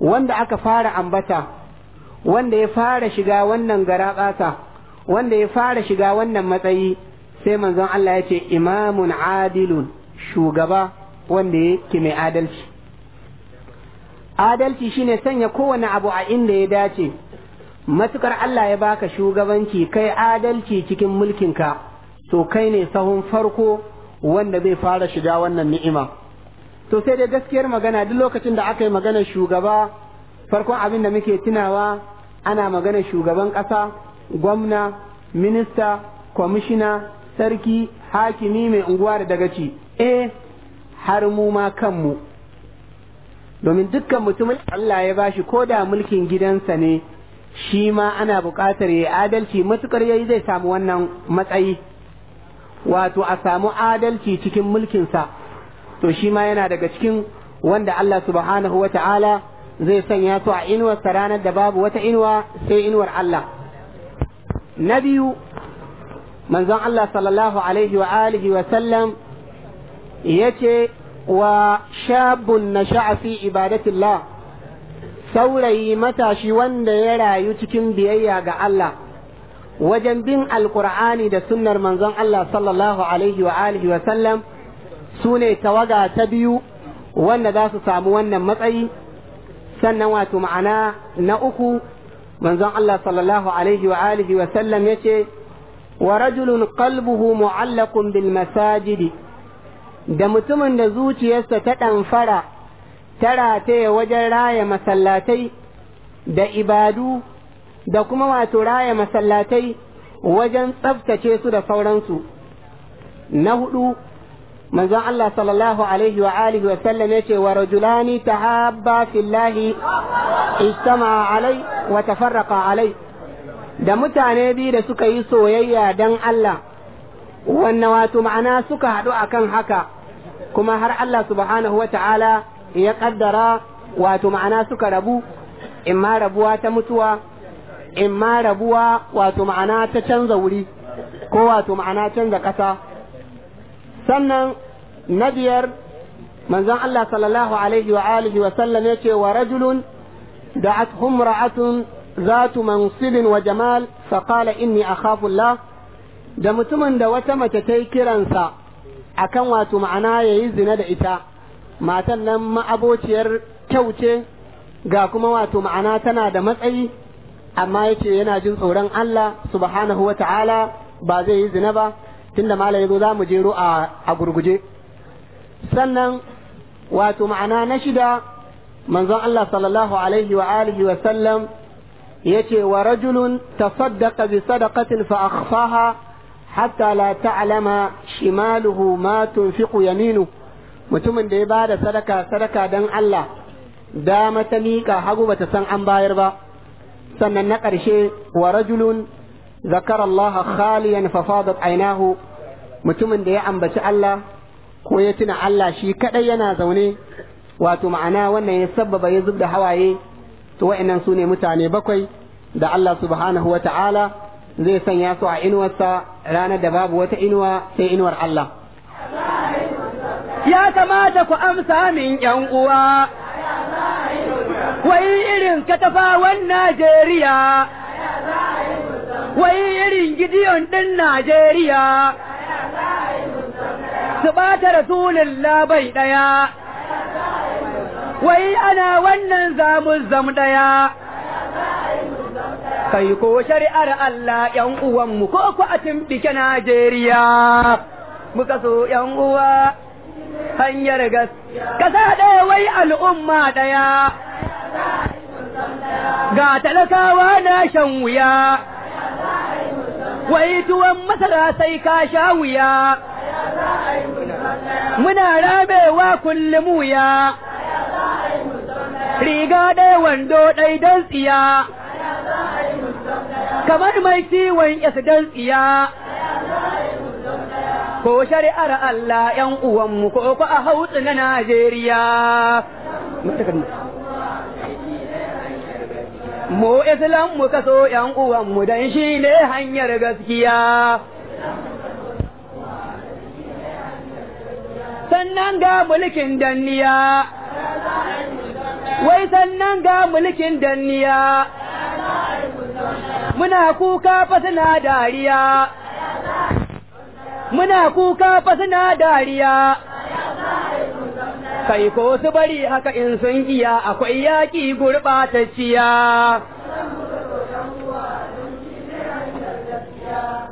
wanda aka fara ambata wanda ya fara shiga wannan garaɓata, wanda ya fara shiga wannan matsayi sai manzon Allah ya ce imamun adilun shugaba wanda yake mai adalci adalci shine sanya kowane abu a inda ya dace matukar Allah ya baka shugabanci kai adalci cikin mulkinka to kai ne sahun farko wanda zai fara shiga wannan ni'ima to sai dai gaskiyar magana duk lokacin da aka yi maganar shugaba farkon abin da muke tunawa ana magana shugaban ƙasa gwamna minista kwamishina sarki hakimi mai unguwa da dagaci eh har mu ma kanmu domin dukkan mutumin Allah ya bashi ko da mulkin gidansa ne shi ma ana buƙatar ya adalci matukar yayi zai samu wannan matsayi wato a samu adalci cikin mulkinsa to shi ma yana daga cikin wanda Allah subhanahu wa ta'ala zai sanya to a inuwar ranar da babu wata inuwa sai inuwar Allah na biyu manzon Allah sallallahu alaihi wa alihi wa sallam ce. وشاب نشأ في عبادة الله saurayi matashi wanda ya rayu cikin biyayya ga Allah wajen bin alkur'ani da sunnar manzon Allah sallallahu alaihi wa alihi wa sallam su tawaga ta biyu wanda zasu samu wannan matsayi sannan wato ma'ana na uku manzon Allah sallallahu alaihi wa alihi wa sallam yace wa rajulun qalbuhu mu'allaqun bil masajidi da mutumin da zuciyarsa ta ɗanfara ta rataye wajen raya masallatai da ibadu da kuma wato raya masallatai wajen tsabtace su da sauransu na hudu manzon Allah sallallahu alaihi wa alihi wa sallam yace wa rajulani tahabba fillahi istama alai wa tafarraqa alai da mutane biyu da suka yi soyayya dan Allah wannan wato ma'ana suka haɗu akan haka kuma har Allah subhanahu wa ta'ala ya ƙaddara wato ma'ana suka rabu in ma rabuwa ta mutuwa in ma rabuwa wato ma'ana ta canza wuri ko wato ma'ana canza ƙasa sannan na biyar manzon Allah sallallahu alaihi wa alihi wa sallam yace wa rajulun da'at humra'atun zatu mansibin wa jamal fa qala inni akhafu da mutumin da wata mace ta yi kiransa a kan wato ma'ana ya yi zina da ita matan nan ma'abociyar kyau ce ga kuma wato ma'ana tana da matsayi amma ya ce yana jin tsoron Allah subhanahu wa ta'ala ba zai yi zina ba tunda mala ya zo za mu jero a gurguje sannan wato ma'ana na shida manzon Allah sallallahu alaihi wa alihi wa sallam yace wa rajulun tasaddaqa bi sadaqatin fa akhfaha hatta la ta'lama shimaluhu ma tunfiqu yaminu mutumin da ya bada sadaka sadaka dan Allah dama ta miƙa hagu bata san an bayar ba sannan na ƙarshe wa rajulun zakara Allah khaliyan fa fadat ainahu mutumin da ya ambaci Allah ko ya tuna Allah shi kaɗai yana zaune wato ma'ana wannan ya sabbaba ya zubda hawaye to wa'annan su ne mutane bakwai da Allah subhanahu wa zai sanya su a inuwarsa ranar da babu wata inuwa sai inuwar Allah. Ya kamata ku amsa min ‘yan uwa, wai irin katafawan Najeriya, wai irin gidiyon ɗin Najeriya, su ɓata rasulun labai ɗaya, wai ana wannan zamu zam ɗaya. kai ko shari'ar Allah ‘yan mu ko ku a timbike Najeriya, muka so ‘yan uwa hanyar gas, kasa ɗaya wai al'umma ɗaya, ga talakawa na shan wuya, wai tuwon masara sai ka sha wuya, muna rabewa kullum wuya, riga ɗaya wando ɗai don tsiya. kamar mai kiwon isdan tsiya ko shari'ar Allah ‘yan uwanmu ko ku a hautsu na Najeriya. Mu Islam mu kaso ‘yan uwanmu dan shi ne hanyar gaskiya. Sannan ga mulkin danniya. wai sannan ga mulkin danniya muna kuka fa suna dariya muna kuka fa dariya kai ko su bari haka in sun iya akwai yaƙi gurɓatacciya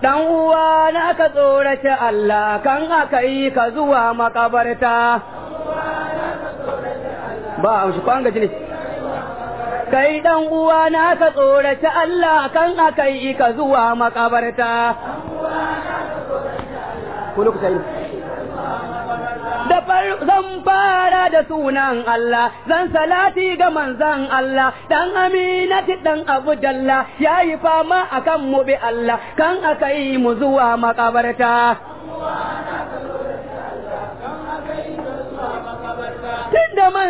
Dan uwa na ka tsorace Allah kan aka yi ka zuwa makabarta. ba a ko an gaji kai dan uwa na ka tsorata Allah kan akai ka zuwa makabarta ko lokuta ne da zan fara da sunan Allah zan salati ga manzan Allah dan aminati dan abu dalla yayi fama akan mu bi Allah kan akai mu zuwa makabarta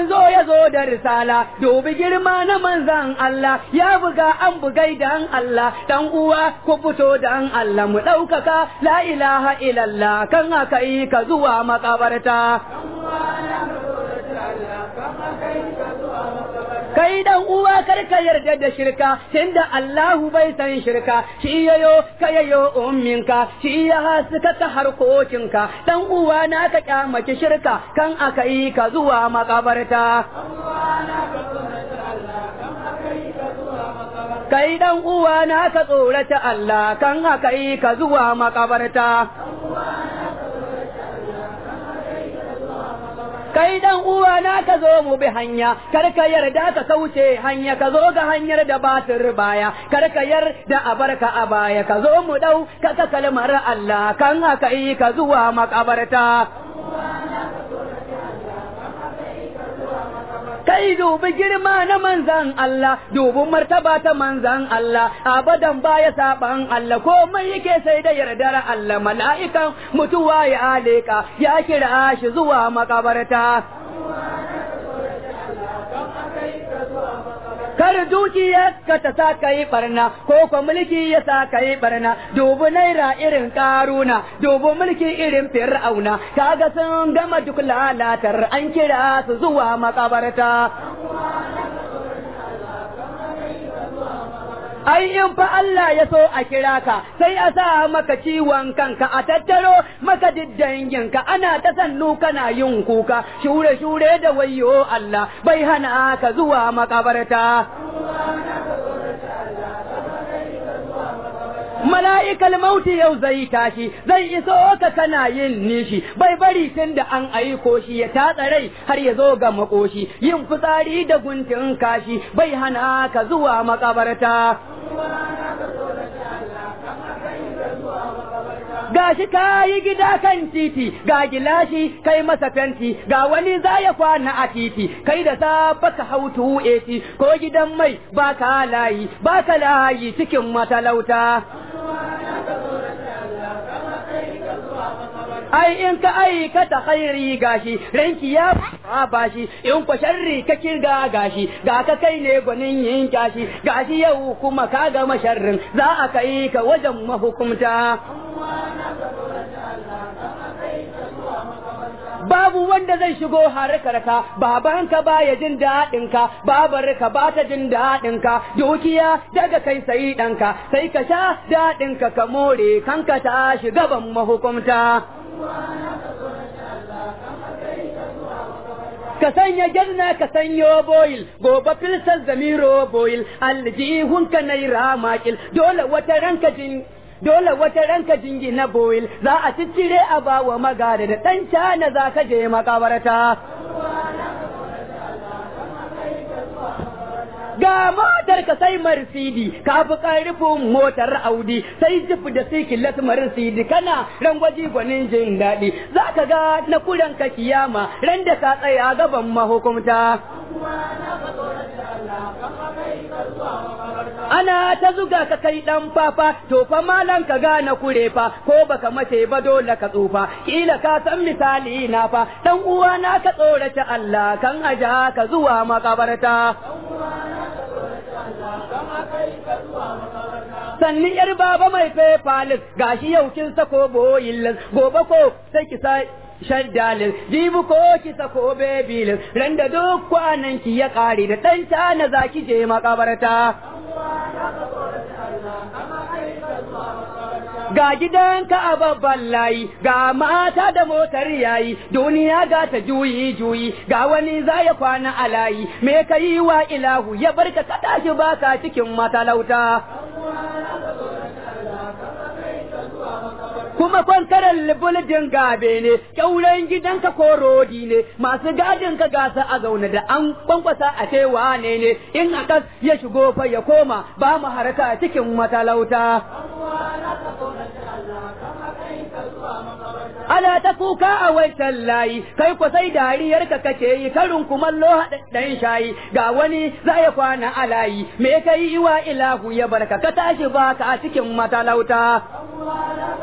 zo ya zo da risala dubi girma na manzan Allah ya buga an bugai da an Allah dan uwa ku fito da an Allah mu ɗaukaka la ilaha illallah kan aka yi ka zuwa makabarta kai dan uwa kar ka yarda da shirka tunda Allahu bai san shirka shi yayo kayayo umminka shi ya haska ta harkokinka dan uwa na ka kyamaci shirka kan aka yi ka zuwa makabarta kai dan uwa na ka tsorata Allah kan aka yi ka zuwa makabarta kai dan uwa na ka zo mu bi hanya kar ka yarda ka kauce hanya ka zo ga hanyar da ba ta baya kar ka yarda a barka a baya ka zo mu dau ka kalmar Allah kan haka yi ka zuwa makabarta kai dubi girma na manzan Allah dubi martaba ta manzan Allah abadan baya saban Allah ko komai yake sai da yardar Allah mala'ikan mutuwa ya aleka ya kira shi zuwa makabarta kar dukiyarka ta sa ka yi barna ko ko mulki ya sa ka yi barna dubu naira irin karuna dubu mulki irin fir'auna kaga sun gama duk lalatar an kira su zuwa makabarta ai in fa Allah ya so a kira ka sai a sa maka ciwon kanka a tattaro maka diddangin ka ana ta sannu kana yin kuka shure shure da wayo Allah bai hana ka zuwa makabarta mala'ikal mauti yau zai tashi zai iso ka tana yin nishi bai bari tun da an aiko shi ya tatsa rai har ya zo ga makoshi yin fitsari da guntun kashi bai hana ka zuwa makabarta gashi kayi gida kan titi ga gilashi kai masa fenti ga wani za ya kwana a titi kai da safa ka hau tuwo eti ko gidan mai ba ka layi ba ka layi cikin matalauta ai in ka aikata khairi gashi ranki ya ba shi in ku sharri ka kirga gashi ga ka kai ne gwanin yin gashi gashi yau kuma ka gama sharrin za a kai ka wajen mahukumta babu wanda zai shigo harkarka babanka ba ya jin daɗinka babarka ba ta jin daɗinka dukiya daga kai sai ɗanka sai ka sha daɗinka ka more kanka ta gaban mahukumta ka sanya janna ka sanyo boil gobe filsar zamiro boil aljihunka naira makil dole wata ranka jin dole wata ranka jingi na boil za a ciccire a ba wa magada da ɗan cana za ka je makabarta ga motar ka sai marsidi ka fi karfin motar audi sai Jifu da sikilas marsidi kana ran gwaji gwanin jin daɗi za ka ga na kuren ka kiyama ran da ka tsaya gaban mahukumta ana ta zuga ka kai dan fafa to fa malan ka gane kure fa ko baka mace ba dole ka tsufa kila ka san misali na fa dan uwa na ka tsorata Allah kan aja ka zuwa makabarta sanni yar baba mai ga gashi yau kin sako boyilin gobe ko sai ki sa shaddalin jibi ko ki sako bebilin ran da duk kwanan ki ya kare da dan za zaki je makabarta ga gidanka a babban layi ga mata da motar yayi duniya ga ta juyi juyi ga wani za ya kwana a layi me ka yi wa ilahu ya barka ka tashi ba ka cikin matalauta kuma kwankaran bulidin gabe ne kyauren gidanka ko rodi ne masu gadin ka gasa a zaune da an kwankwasa a ce wane ne in akas ya shigo fa ya koma ba mu haraka cikin matalauta ana ta kuka a wancan layi kai ku sai dariyarka kake yi karin kumallo haɗaɗɗen shayi ga wani za ya kwana a layi me kai iwa ilahu ya barka ka tashi baka a cikin matalauta